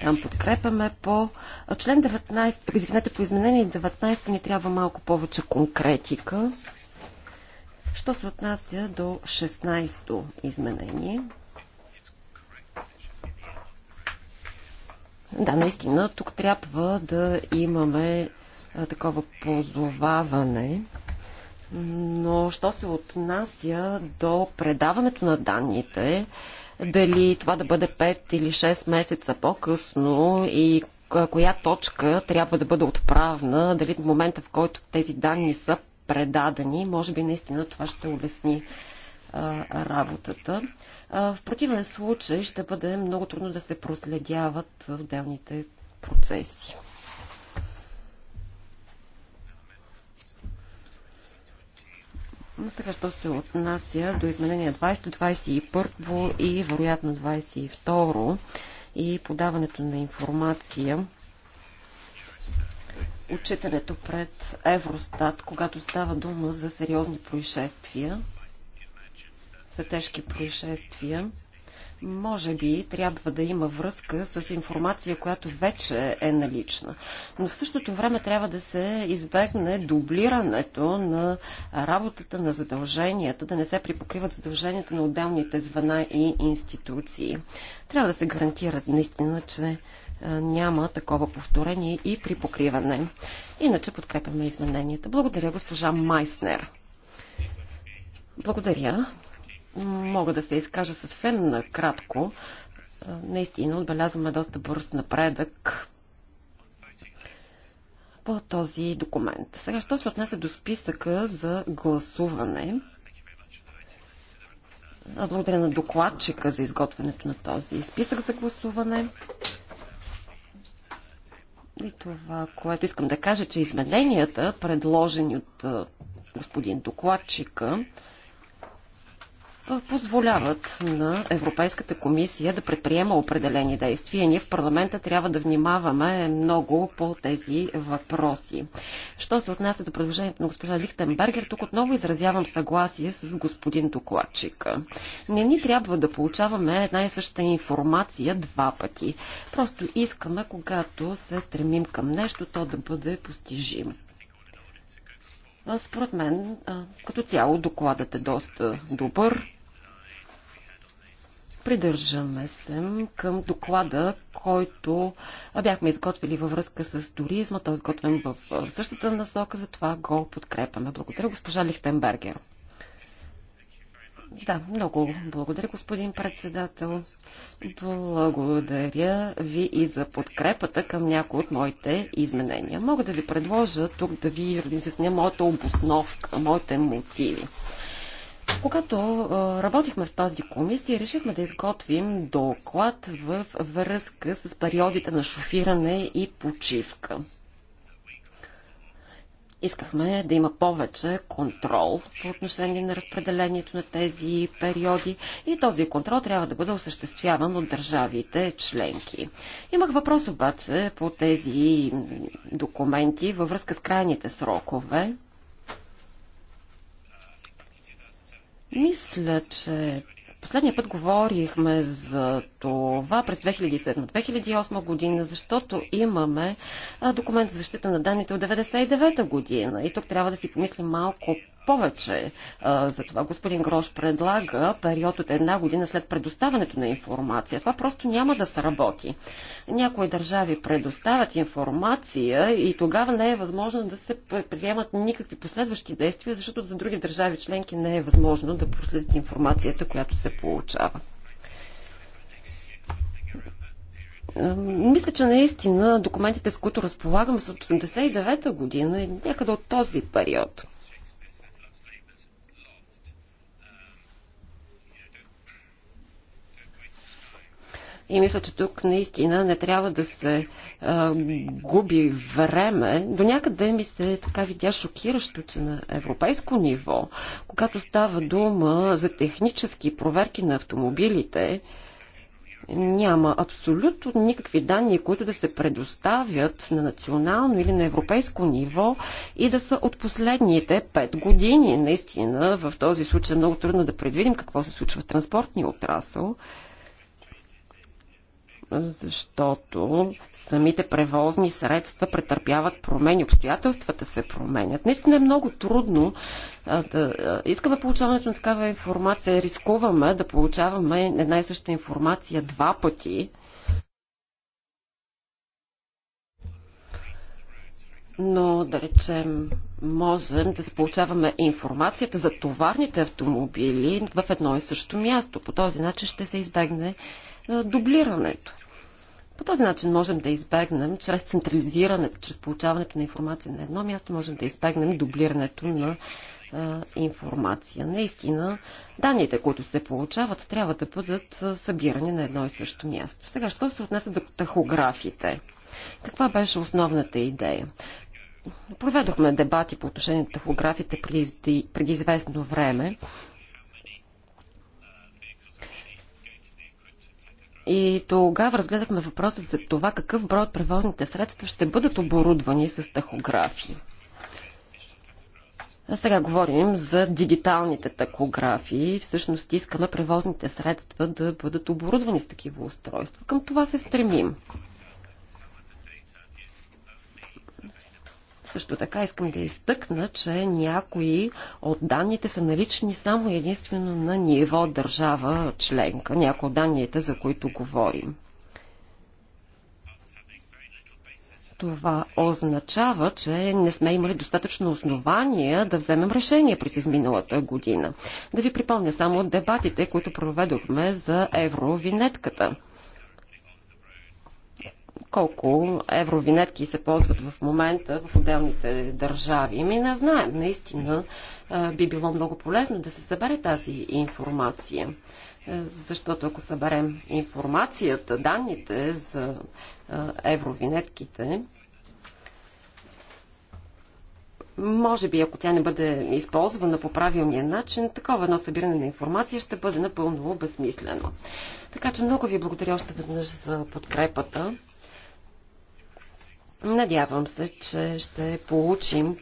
Там подкрепяме по член 19, извинете, по изменение 19 ни трябва малко повече конкретика. Що се отнася до 16-то изменение? Да, наистина, тук трябва да имаме такова позоваване. Но що се отнася до предаването на данните, дали това да бъде 5 или 6 месеца по-късно и коя точка трябва да бъде отправна, дали в момента в който тези данни са предадени, може би наистина това ще улесни а, работата. А, в противен случай ще бъде много трудно да се проследяват отделните процеси. Сега, що се отнася до изменения 20, 21 и вероятно 22 и подаването на информация, отчитането пред Евростат, когато става дума за сериозни происшествия, за тежки происшествия, може би трябва да има връзка с информация, която вече е налична. Но в същото време трябва да се избегне дублирането на работата на задълженията, да не се припокриват задълженията на отделните звена и институции. Трябва да се гарантира наистина, че е, няма такова повторение и припокриване. Иначе подкрепяме измененията. Благодаря, госпожа Майснер. Благодаря мога да се изкажа съвсем накратко. Наистина отбелязваме доста бърз напредък по този документ. Сега, що се отнася до списъка за гласуване? Благодаря на докладчика за изготвянето на този списък за гласуване. И това, което искам да кажа, че измененията, предложени от господин докладчика, позволяват на Европейската комисия да предприема определени действия. Ние в парламента трябва да внимаваме много по тези въпроси. Що се отнася до предложението на госпожа Лихтенбергер, тук отново изразявам съгласие с господин докладчик. Не ни трябва да получаваме една и съща информация два пъти. Просто искаме, когато се стремим към нещо, то да бъде постижимо. Според мен, като цяло, докладът е доста добър. Придържаме се към доклада, който бяхме изготвили във връзка с туризма. Той е изготвен в същата насока, затова го подкрепяме. Благодаря, госпожа Лихтенбергер. Да, много благодаря, господин председател. Благодаря ви и за подкрепата към някои от моите изменения. Мога да ви предложа тук да ви разясня моята обосновка, моите мотиви. Когато работихме в тази комисия, решихме да изготвим доклад в връзка с периодите на шофиране и почивка. Искахме да има повече контрол по отношение на разпределението на тези периоди и този контрол трябва да бъде осъществяван от държавите членки. Имах въпрос обаче по тези документи във връзка с крайните срокове Мисля, че последния път говорихме за това през 2007-2008 година, защото имаме документ за защита на данните от 1999 година. И тук трябва да си помислим малко повече. Затова господин Грош предлага период от една година след предоставането на информация. Това просто няма да се работи. Някои държави предоставят информация и тогава не е възможно да се предприемат никакви последващи действия, защото за други държави членки не е възможно да проследят информацията, която се получава. Мисля, че наистина документите, с които разполагаме, са от 89-та година и някъде от този период. И мисля, че тук наистина не трябва да се а, губи време. До някъде ми се така видя шокиращо, че на европейско ниво, когато става дума за технически проверки на автомобилите, няма абсолютно никакви данни, които да се предоставят на национално или на европейско ниво и да са от последните пет години. Наистина, в този случай е много трудно да предвидим какво се случва в транспортния отрасъл защото самите превозни средства претърпяват промени, обстоятелствата се променят. Наистина е много трудно а, да искаме получаването на такава информация, рискуваме да получаваме една и съща информация два пъти. но да речем, можем да получаваме информацията за товарните автомобили в едно и също място. По този начин ще се избегне е, дублирането. По този начин можем да избегнем, чрез централизиране, чрез получаването на информация на едно място, можем да избегнем дублирането на а, е, информация. Наистина, данните, които се получават, трябва да бъдат е, събирани на едно и също място. Сега, що се отнесе до тахографите? Каква беше основната идея? Проведохме дебати по отношение на тахографите преди, преди известно време И тогава разгледахме въпроса за това какъв брой от превозните средства ще бъдат оборудвани с тахографи. А сега говорим за дигиталните тахографии, Всъщност искаме превозните средства да бъдат оборудвани с такива устройства. Към това се стремим. Също така искам да изтъкна, че някои от данните са налични само единствено на ниво държава членка, някои от данните, за които говорим. Това означава, че не сме имали достатъчно основания да вземем решение през изминалата година. Да ви припомня само дебатите, които проведохме за евровинетката колко евровинетки се ползват в момента в отделните държави. Ми не знаем. Наистина би било много полезно да се събере тази информация. Защото ако съберем информацията, данните за евровинетките, може би, ако тя не бъде използвана по правилния начин, такова едно събиране на информация ще бъде напълно безмислено. Така че много ви благодаря още веднъж за подкрепата. Надявам се, че ще получим,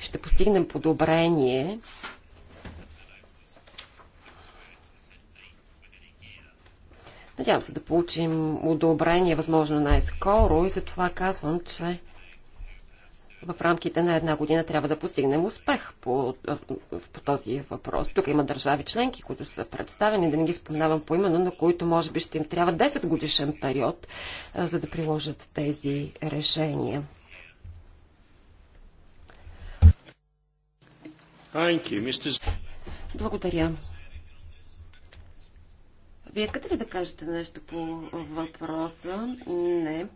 ще постигнем подобрение. Надявам се да получим одобрение, възможно най-скоро и затова казвам, че в рамките на една година трябва да постигнем успех по, по този въпрос. Тук има държави членки, които са представени, да не ги споменавам по именно, на които може би ще им трябва 10 годишен период, за да приложат тези решения. Благодаря. Вие искате ли да кажете нещо по въпроса? Не.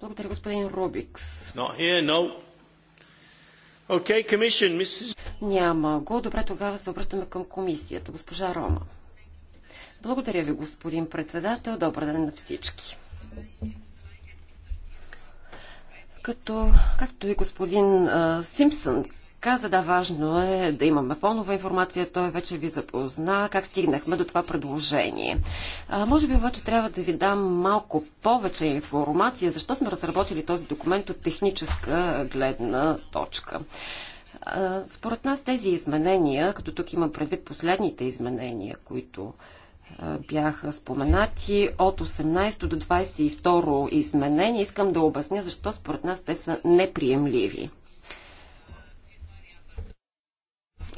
Благодаря, господин Рубикс. okay, Mrs... Няма го. Добре, тогава се обръщаме към комисията. Госпожа Рома. Благодаря ви, господин председател. Добър ден на всички. Като, както и господин а, Симпсън каза, да, важно е да имаме фонова информация. Той вече ви запозна как стигнахме до това предложение. А, може би обаче трябва да ви дам малко повече информация, защо сме разработили този документ от техническа гледна точка. А, според нас тези изменения, като тук имам предвид последните изменения, които бяха споменати от 18 до 22 изменения. Искам да обясня защо според нас те са неприемливи.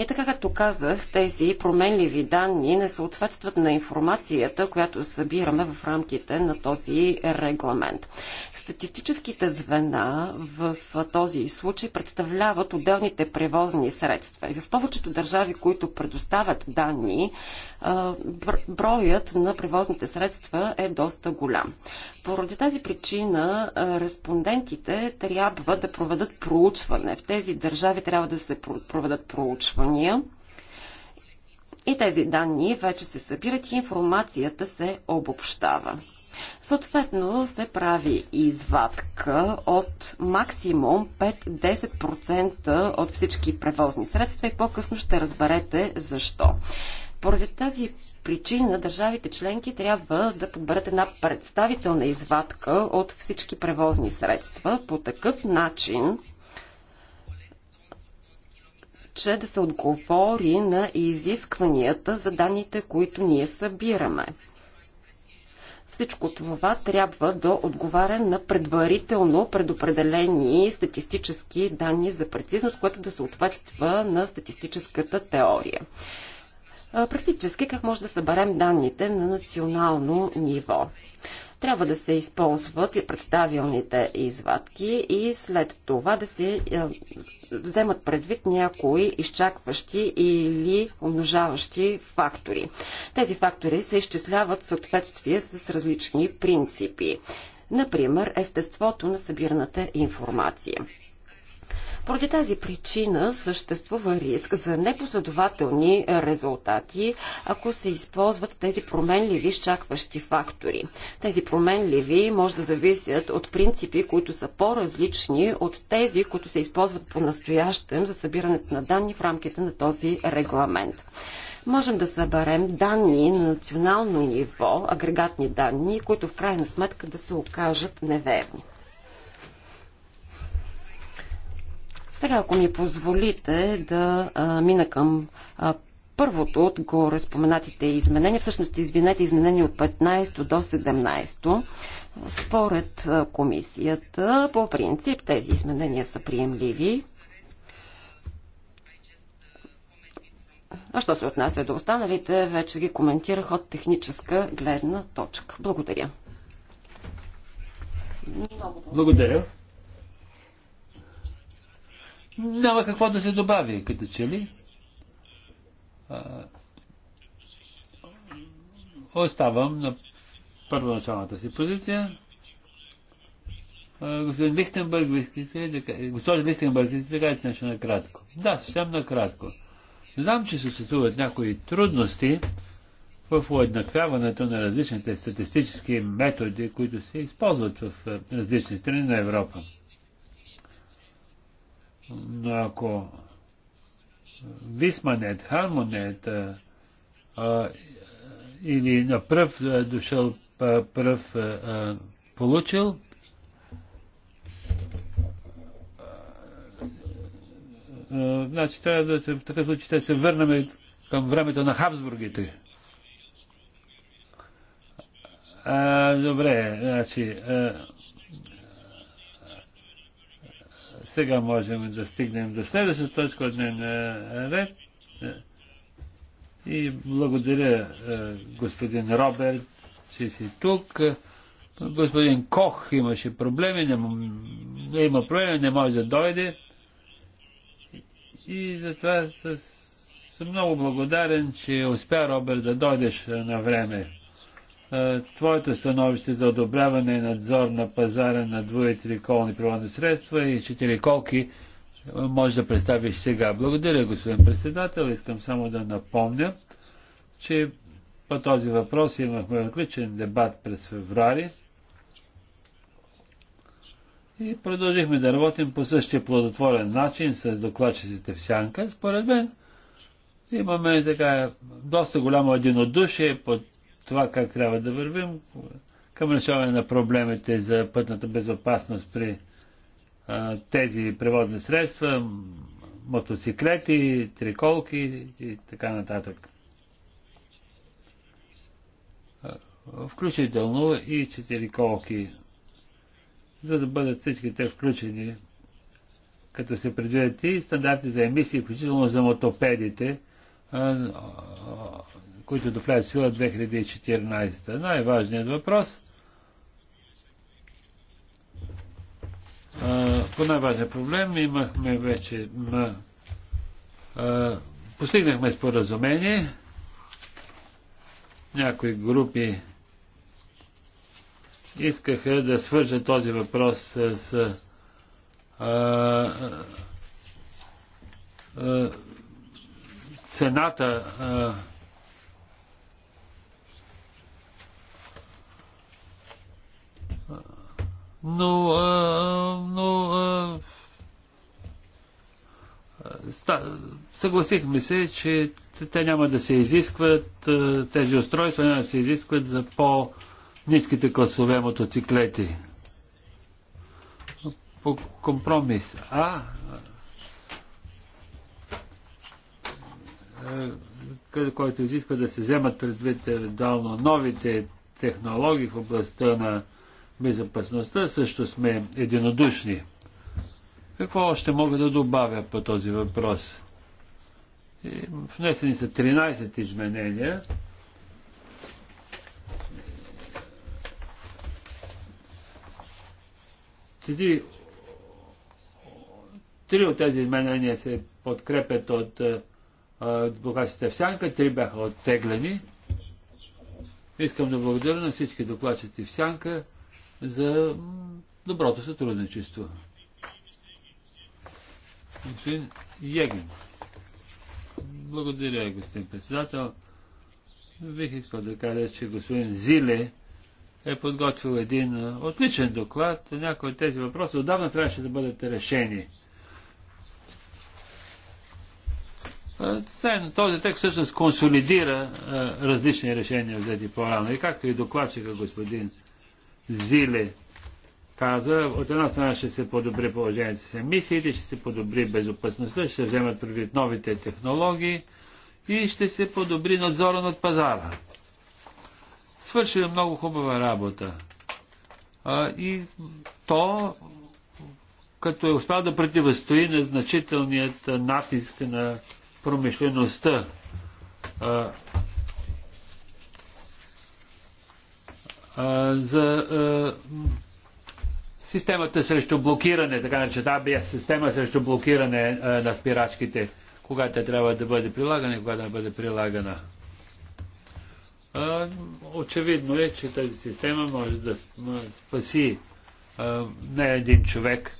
И така, както казах, тези променливи данни не съответстват на информацията, която събираме в рамките на този регламент. Статистическите звена в този случай представляват отделните превозни средства. И в повечето държави, които предоставят данни, броят на превозните средства е доста голям. Поради тази причина респондентите трябва да проведат проучване. В тези държави трябва да се проведат проучвания Дания. И тези данни вече се събират и информацията се обобщава. Съответно се прави извадка от максимум 5-10% от всички превозни средства и по-късно ще разберете защо. Поради тази причина държавите членки трябва да подберат една представителна извадка от всички превозни средства по такъв начин, че да се отговори на изискванията за данните, които ние събираме. Всичко това трябва да отговаря на предварително предопределени статистически данни за прецизност, което да съответства на статистическата теория. Практически как може да съберем данните на национално ниво? Трябва да се използват и представилните извадки и след това да се е, вземат предвид някои изчакващи или умножаващи фактори. Тези фактори се изчисляват в съответствие с различни принципи. Например, естеството на събираната информация. Поради тази причина съществува риск за непоследователни резултати, ако се използват тези променливи изчакващи фактори. Тези променливи може да зависят от принципи, които са по-различни от тези, които се използват по-настоящем за събирането на данни в рамките на този регламент можем да съберем данни на национално ниво, агрегатни данни, които в крайна сметка да се окажат неверни. Сега, ако ми позволите да а, мина към а, първото от горе споменатите изменения, всъщност извинете, изменения от 15 до 17, според комисията, по принцип тези изменения са приемливи. А що се отнася до останалите, вече ги коментирах от техническа гледна точка. Благодаря. благодаря няма какво да се добави, като че ли. оставам на първоначалната си позиция. господин Лихтенбърг, господин Лихтенбърг, да кажете нещо накратко. Да, съвсем накратко. Знам, че съществуват някои трудности в уеднаквяването на различните статистически методи, които се използват в различни страни на Европа. Но ако Висманет, Хармонет а, а, или на пръв дошъл, пръв а, получил, а, значи трябва да се, в такъв случай да се върнем към времето на Хабсбургите. А, добре, значи, а, сега можем да стигнем до следващата точка от дневния ред. И благодаря е, господин Роберт, че си тук. Господин Кох имаше проблеми, не, има проблеми, не може да дойде. И затова с, съм много благодарен, че успя Роберт да дойдеш на време. Е, твоето становище за одобряване и надзор на пазара на триколни природни средства и колки е, може да представиш сега. Благодаря, господин председател. Искам само да напомня, че по този въпрос имахме отличен дебат през феврари и продължихме да работим по същия плодотворен начин с докладчиците в сянка. Според мен имаме така доста голямо единодушие под това как трябва да вървим към решаване на проблемите за пътната безопасност при а, тези преводни средства, мотоциклети, триколки и така нататък. Включително и четириколки, за да бъдат всички те включени, като се предвидят и стандарти за емисии, включително за мотопедите, които да влязат в сила 2014. Най-важният въпрос а, по най-важния проблем имахме вече ма, а, постигнахме споразумение някои групи искаха да свържат този въпрос с, с а, а, цената а, но, а, но а, ста, съгласихме се, че те няма да се изискват, тези устройства няма да се изискват за по-низките класове мотоциклети. По компромис. А, е, който изисква да се вземат предвид евентуално новите технологии в областта на безопасността също сме единодушни. Какво още мога да добавя по този въпрос? Внесени са 13 изменения. Три, три от тези изменения се подкрепят от адвокатите в сянка, три бяха оттеглени. Искам да благодаря на всички докладчици в сянка за доброто сътрудничество. Господин Егин. Благодаря, господин председател. Бих искал да кажа, че господин Зиле е подготвил един отличен доклад. Някои от тези въпроси отдавна трябваше да бъдат решени. Тайно, този текст всъщност консолидира различни решения взети по-рано. И както и докладчика господин Зиле каза, от една страна ще се подобри положението с емисиите, ще се подобри безопасността, ще се вземат предвид новите технологии и ще се подобри надзора над пазара. Свършили много хубава работа. А, и то, като е успял да противостои на значителният натиск на промишлеността, а, за системата срещу блокиране, така наречената АБС, система срещу блокиране на спирачките, кога тя трябва да бъде прилагана и кога да бъде прилагана. Очевидно е, че тази система може да спаси не един човек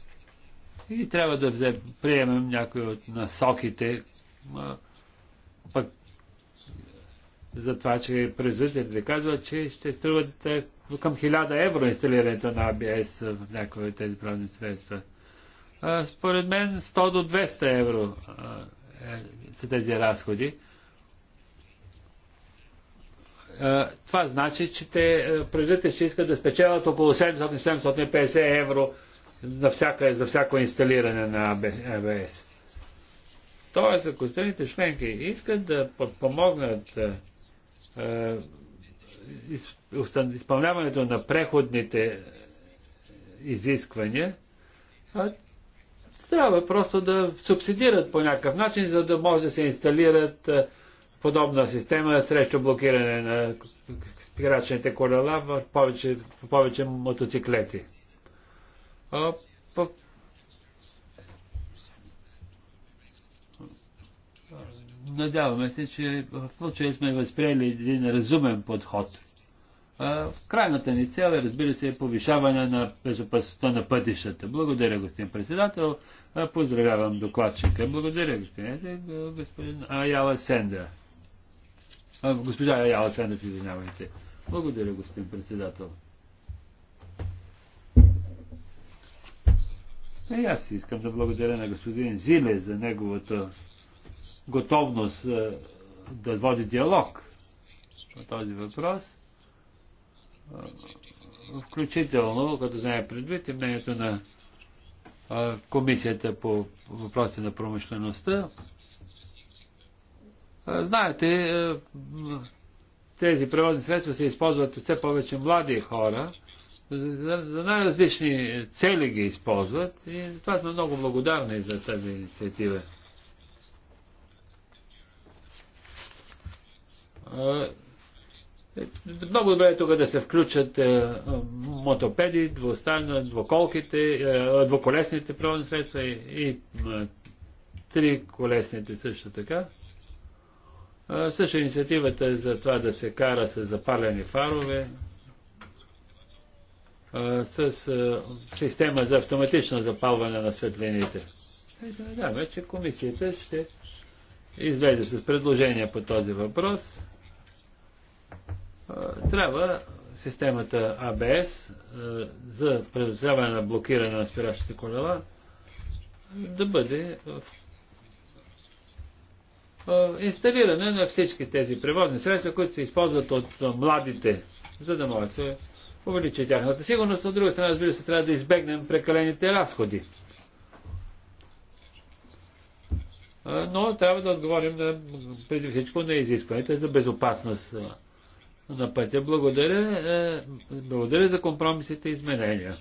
и трябва да взем, приемем някои от насоките, за това, че производителите казват, че ще струват е, към 1000 евро инсталирането на ABS в някои от тези правни средства. според мен 100 до 200 евро е, са тези разходи. това значи, че те, е, производителите ще искат да спечелят около 700-750 евро на всяка, за всяко инсталиране на ABS. Тоест, ако страните членки искат да подпомогнат е, изпълняването на преходните изисквания, трябва просто да субсидират по някакъв начин, за да може да се инсталират е, подобна система срещу блокиране на спирачните колела в повече, в повече мотоциклети. Надяваме се, че в случая сме възприели един разумен подход. Крайната ни цел е, разбира се, повишаване на безопасността на пътищата. Благодаря, господин председател. Поздравявам докладчика. Благодаря, господин, господин Аяла Сенда. Госпожа Аяла Сенда, извинявайте. Благодаря, господин председател. И аз искам да благодаря на господин Зиле за неговото готовност е, да води диалог по този въпрос, е, включително, като знаем предвид и мнението на е, Комисията по въпроси на промишлеността. Знаете, тези превозни средства се използват от все повече млади хора, за, за най-различни цели ги използват и това сме много благодарни за тази инициатива. Е, много добре е тук да се включат е, мотопеди, двустайно, двуколките, е, двуколесните превозни средства и, и триколесните също така. Също инициативата е за това да се кара с запалени фарове, с система за автоматично запалване на светлините. И се надяваме, че комисията ще излезе с предложение по този въпрос трябва системата АБС за предотвратяване на блокиране на спиращите колела да бъде инсталиране на всички тези превозни средства, които се използват от младите, за да могат се увеличи тяхната сигурност. От друга страна, разбира се, трябва да избегнем прекалените разходи. Но трябва да отговорим на, преди всичко на изискването за безопасност на пътя. Благодаря, е, благодаря за компромисите и изменения.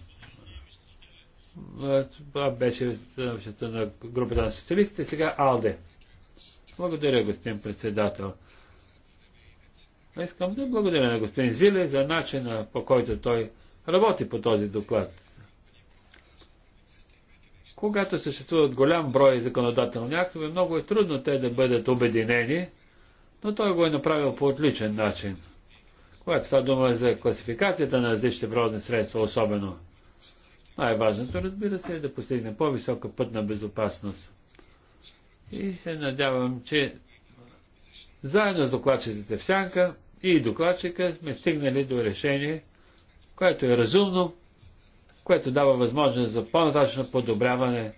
Това беше становището на групата на социалистите. Сега Алде. Благодаря, господин председател. Искам да благодаря на господин Зиле за начина по който той работи по този доклад. Когато съществуват голям брой законодателни актове, много е трудно те да бъдат обединени, но той го е направил по отличен начин. Когато става дума за класификацията на различните превозни средства, особено най-важното, разбира се, е да постигне по-висока пътна безопасност. И се надявам, че заедно с докладчиците в Сянка и докладчика сме стигнали до решение, което е разумно, което дава възможност за по-нататъчно подобряване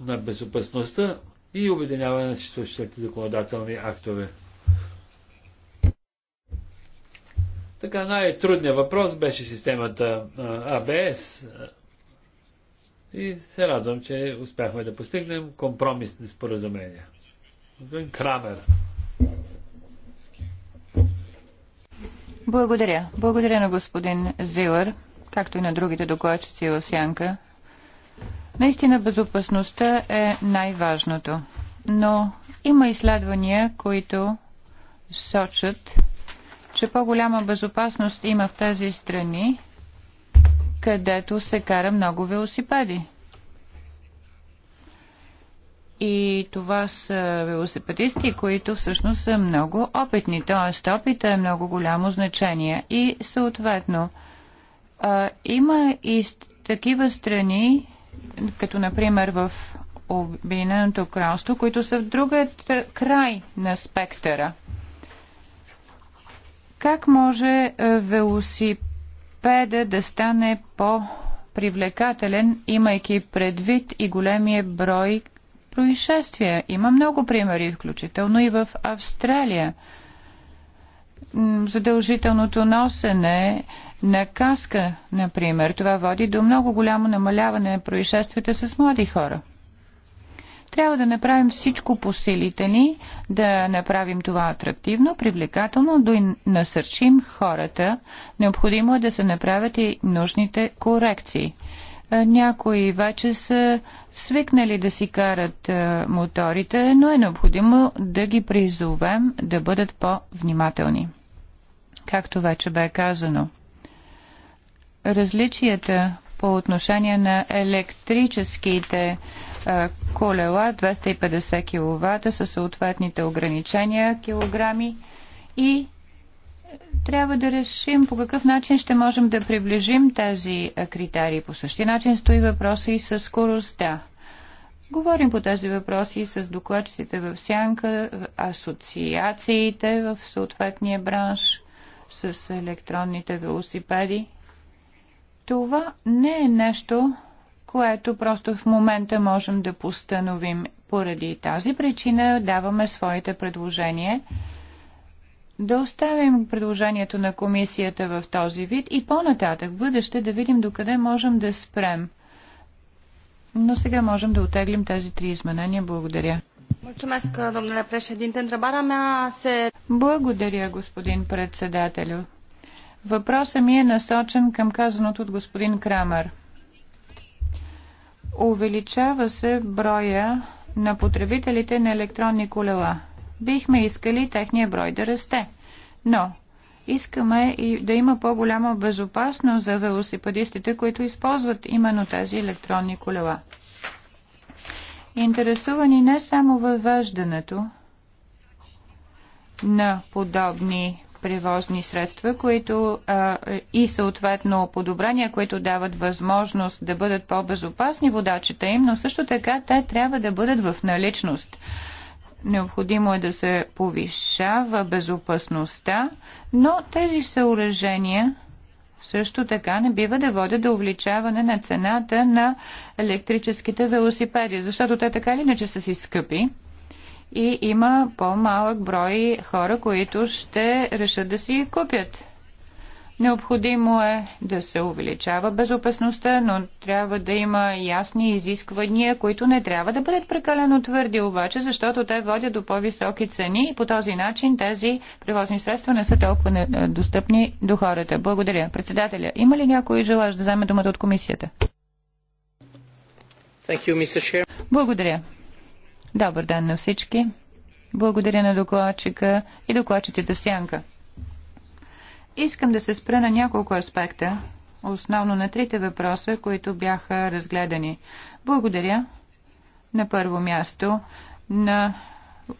на безопасността и обединяване на съществуващите законодателни актове. Така най-трудният въпрос беше системата АБС. И се радвам, че успяхме да постигнем компромисни споразумения. Господин Крамер. Благодаря. Благодаря на господин Зилър, както и на другите докладчици в Сянка. Наистина безопасността е най-важното. Но има изследвания, които сочат, че по-голяма безопасност има в тези страни, където се кара много велосипеди. И това са велосипедисти, които всъщност са много опитни, т.е. опита е много голямо значение. И съответно, а, има и такива страни, като например в Обединеното кралство, които са в другата край на спектъра – как може е, велосипеда да стане по-привлекателен, имайки предвид и големия брой происшествия? Има много примери, включително и в Австралия. Задължителното носене на каска, например, това води до много голямо намаляване на происшествията с млади хора. Трябва да направим всичко по силите ни, да направим това атрактивно, привлекателно, да насърчим хората. Необходимо е да се направят и нужните корекции. Е, някои вече са свикнали да си карат е, моторите, но е необходимо да ги призовем да бъдат по-внимателни. Както вече бе казано, различията по отношение на електрическите е, колела 250 кВт със съответните ограничения килограми и е, трябва да решим по какъв начин ще можем да приближим тези е, критерии. По същия начин стои въпроса и с скоростта. Говорим по тези въпроси с докладчиците в Сянка, асоциациите в съответния бранш, с електронните велосипеди. Това не е нещо, което просто в момента можем да постановим. Поради тази причина даваме своите предложения да оставим предложението на комисията в този вид и по-нататък, в бъдеще, да видим докъде можем да спрем. Но сега можем да отеглим тези три изменения. Благодаря. Благодаря, господин председателю. Въпросът ми е насочен към казаното от господин Крамер – увеличава се броя на потребителите на електронни колела. Бихме искали техния брой да расте, но искаме и да има по-голяма безопасност за велосипедистите, които използват именно тези електронни колела. Интересувани не само въвеждането на подобни превозни средства, които а, и съответно подобрения, които дават възможност да бъдат по-безопасни водачите им, но също така те трябва да бъдат в наличност. Необходимо е да се повишава безопасността, но тези съоръжения също така не бива да водят до увеличаване на цената на електрическите велосипеди, защото те така или иначе са си скъпи и има по-малък брой хора, които ще решат да си ги купят. Необходимо е да се увеличава безопасността, но трябва да има ясни изисквания, които не трябва да бъдат прекалено твърди обаче, защото те водят до по-високи цени и по този начин тези превозни средства не са толкова достъпни до хората. Благодаря. Председателя, има ли някой желаж да вземе думата от комисията? You, Благодаря. Добър ден на всички. Благодаря на докладчика и докладчиците в Сянка. Искам да се спра на няколко аспекта, основно на трите въпроса, които бяха разгледани. Благодаря на първо място на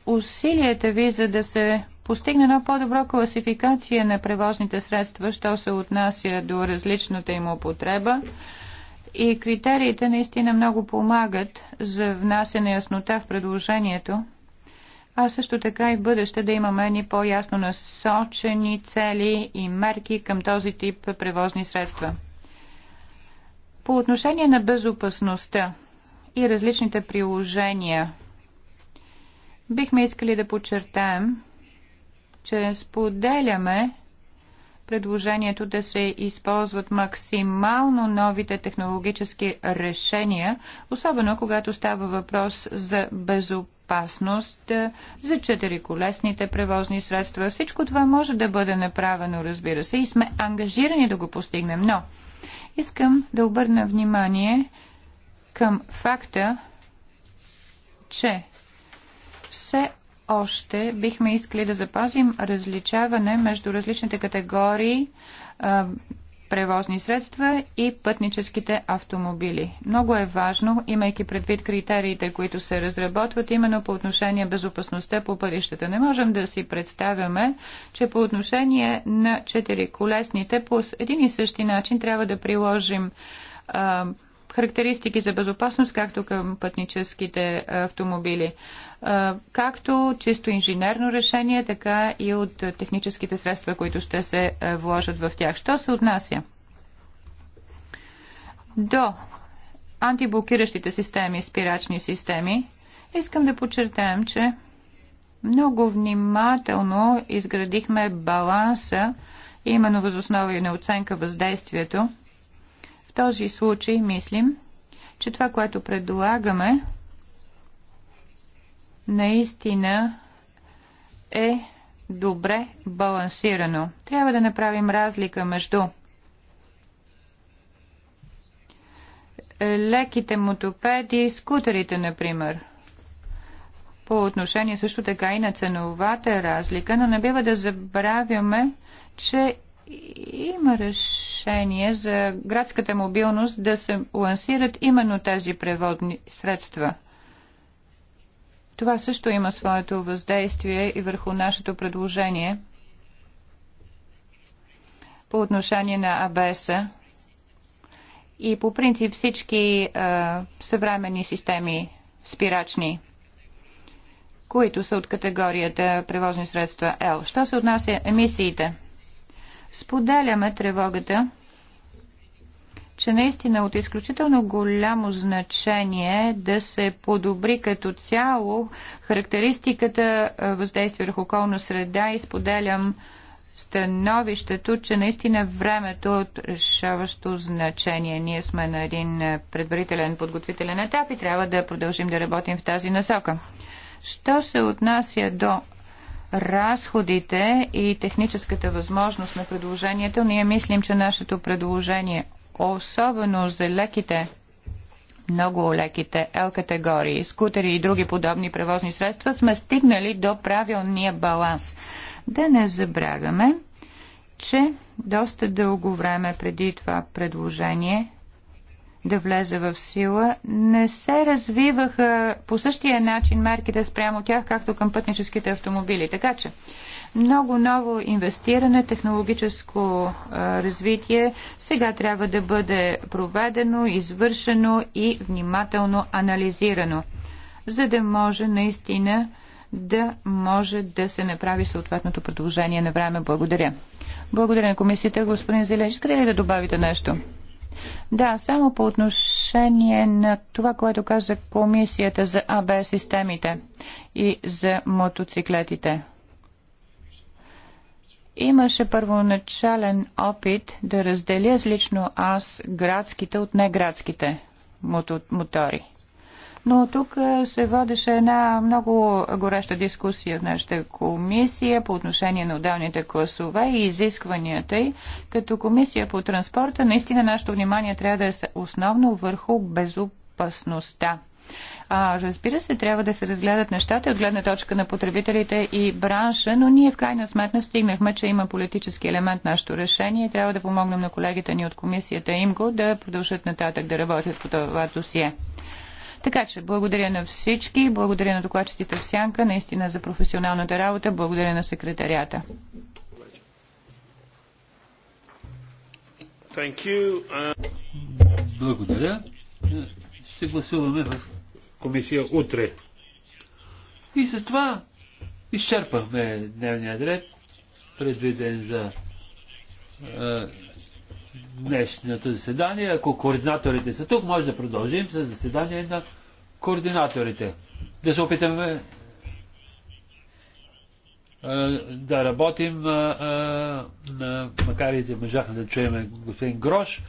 усилията ви, за да се постигне на по добра класификация на превозните средства, що се отнася до различната им употреба и критериите наистина много помагат за внасяне яснота в предложението, а също така и в бъдеще да имаме ни по-ясно насочени цели и мерки към този тип превозни средства. По отношение на безопасността и различните приложения, бихме искали да подчертаем, че споделяме предложението да се използват максимално новите технологически решения, особено когато става въпрос за безопасност, е, за четириколесните превозни средства. Всичко това може да бъде направено, разбира се, и сме ангажирани да го постигнем, но искам да обърна внимание към факта, че все още бихме искали да запазим различаване между различните категории а, превозни средства и пътническите автомобили. Много е важно, имайки предвид критериите, които се разработват именно по отношение безопасността по пътищата. Не можем да си представяме, че по отношение на четири колесните по един и същи начин трябва да приложим а, характеристики за безопасност, както към пътническите автомобили. Както чисто инженерно решение, така и от техническите средства, които ще се вложат в тях. Що се отнася? До антиблокиращите системи, спирачни системи, искам да подчертаем, че много внимателно изградихме баланса именно възоснова и на оценка въздействието – в този случай мислим, че това, което предлагаме, наистина е добре балансирано. Трябва да направим разлика между леките мотопеди, и скутерите, например. По отношение също така и на ценовата разлика, но не бива да забравяме, че има решение за градската мобилност да се лансират именно тези преводни средства. Това също има своето въздействие и върху нашето предложение по отношение на АБС-а и по принцип всички а, съвременни системи спирачни, които са от категорията превозни средства L. Що се отнася емисиите? Споделяме тревогата, че наистина от изключително голямо значение е да се подобри като цяло характеристиката въздействие върху околна среда и споделям становището, че наистина времето е от решаващо значение. Ние сме на един предварителен подготвителен етап и трябва да продължим да работим в тази насока. Що се отнася до разходите и техническата възможност на предложението, ние мислим, че нашето предложение, особено за леките много леките L категории, скутери и други подобни превозни средства, сме стигнали до правилния баланс. Да не забравяме, че доста дълго време преди това предложение да влезе в сила, не се развиваха по същия начин мерките спрямо тях, както към пътническите автомобили. Така че, много ново инвестиране, технологическо а, развитие сега трябва да бъде проведено, извършено и внимателно анализирано, за да може наистина да може да се направи съответното продължение на време. Благодаря. Благодаря на комисията. Господин Зелеч, искате ли да добавите нещо? Да, само по отношение на това, което каза комисията за АБ системите и за мотоциклетите. Имаше първоначален опит да разделя с лично аз градските от неградските мото- мотори но тук се водеше една много гореща дискусия в нашата комисия по отношение на отделните класове и изискванията й. Като комисия по транспорта, наистина нашето внимание трябва да е основно върху безопасността. А, разбира се, трябва да се разгледат нещата от гледна точка на потребителите и бранша, но ние в крайна сметна стигнахме, че има политически елемент в нашето решение и трябва да помогнем на колегите ни от комисията ИМКО да продължат нататък да работят по това досие. Така че благодаря на всички, благодаря на докладчиците в Сянка, наистина за професионалната работа, благодаря на секретарията. Uh, благодаря. Ще гласуваме в комисия утре. И с това изчерпахме дневния ред, предвиден за днешното заседание. Ако координаторите са тук, може да продължим с заседание на координаторите. Да се опитаме е, да работим, е, е, макар и да можахме да чуем господин Грош.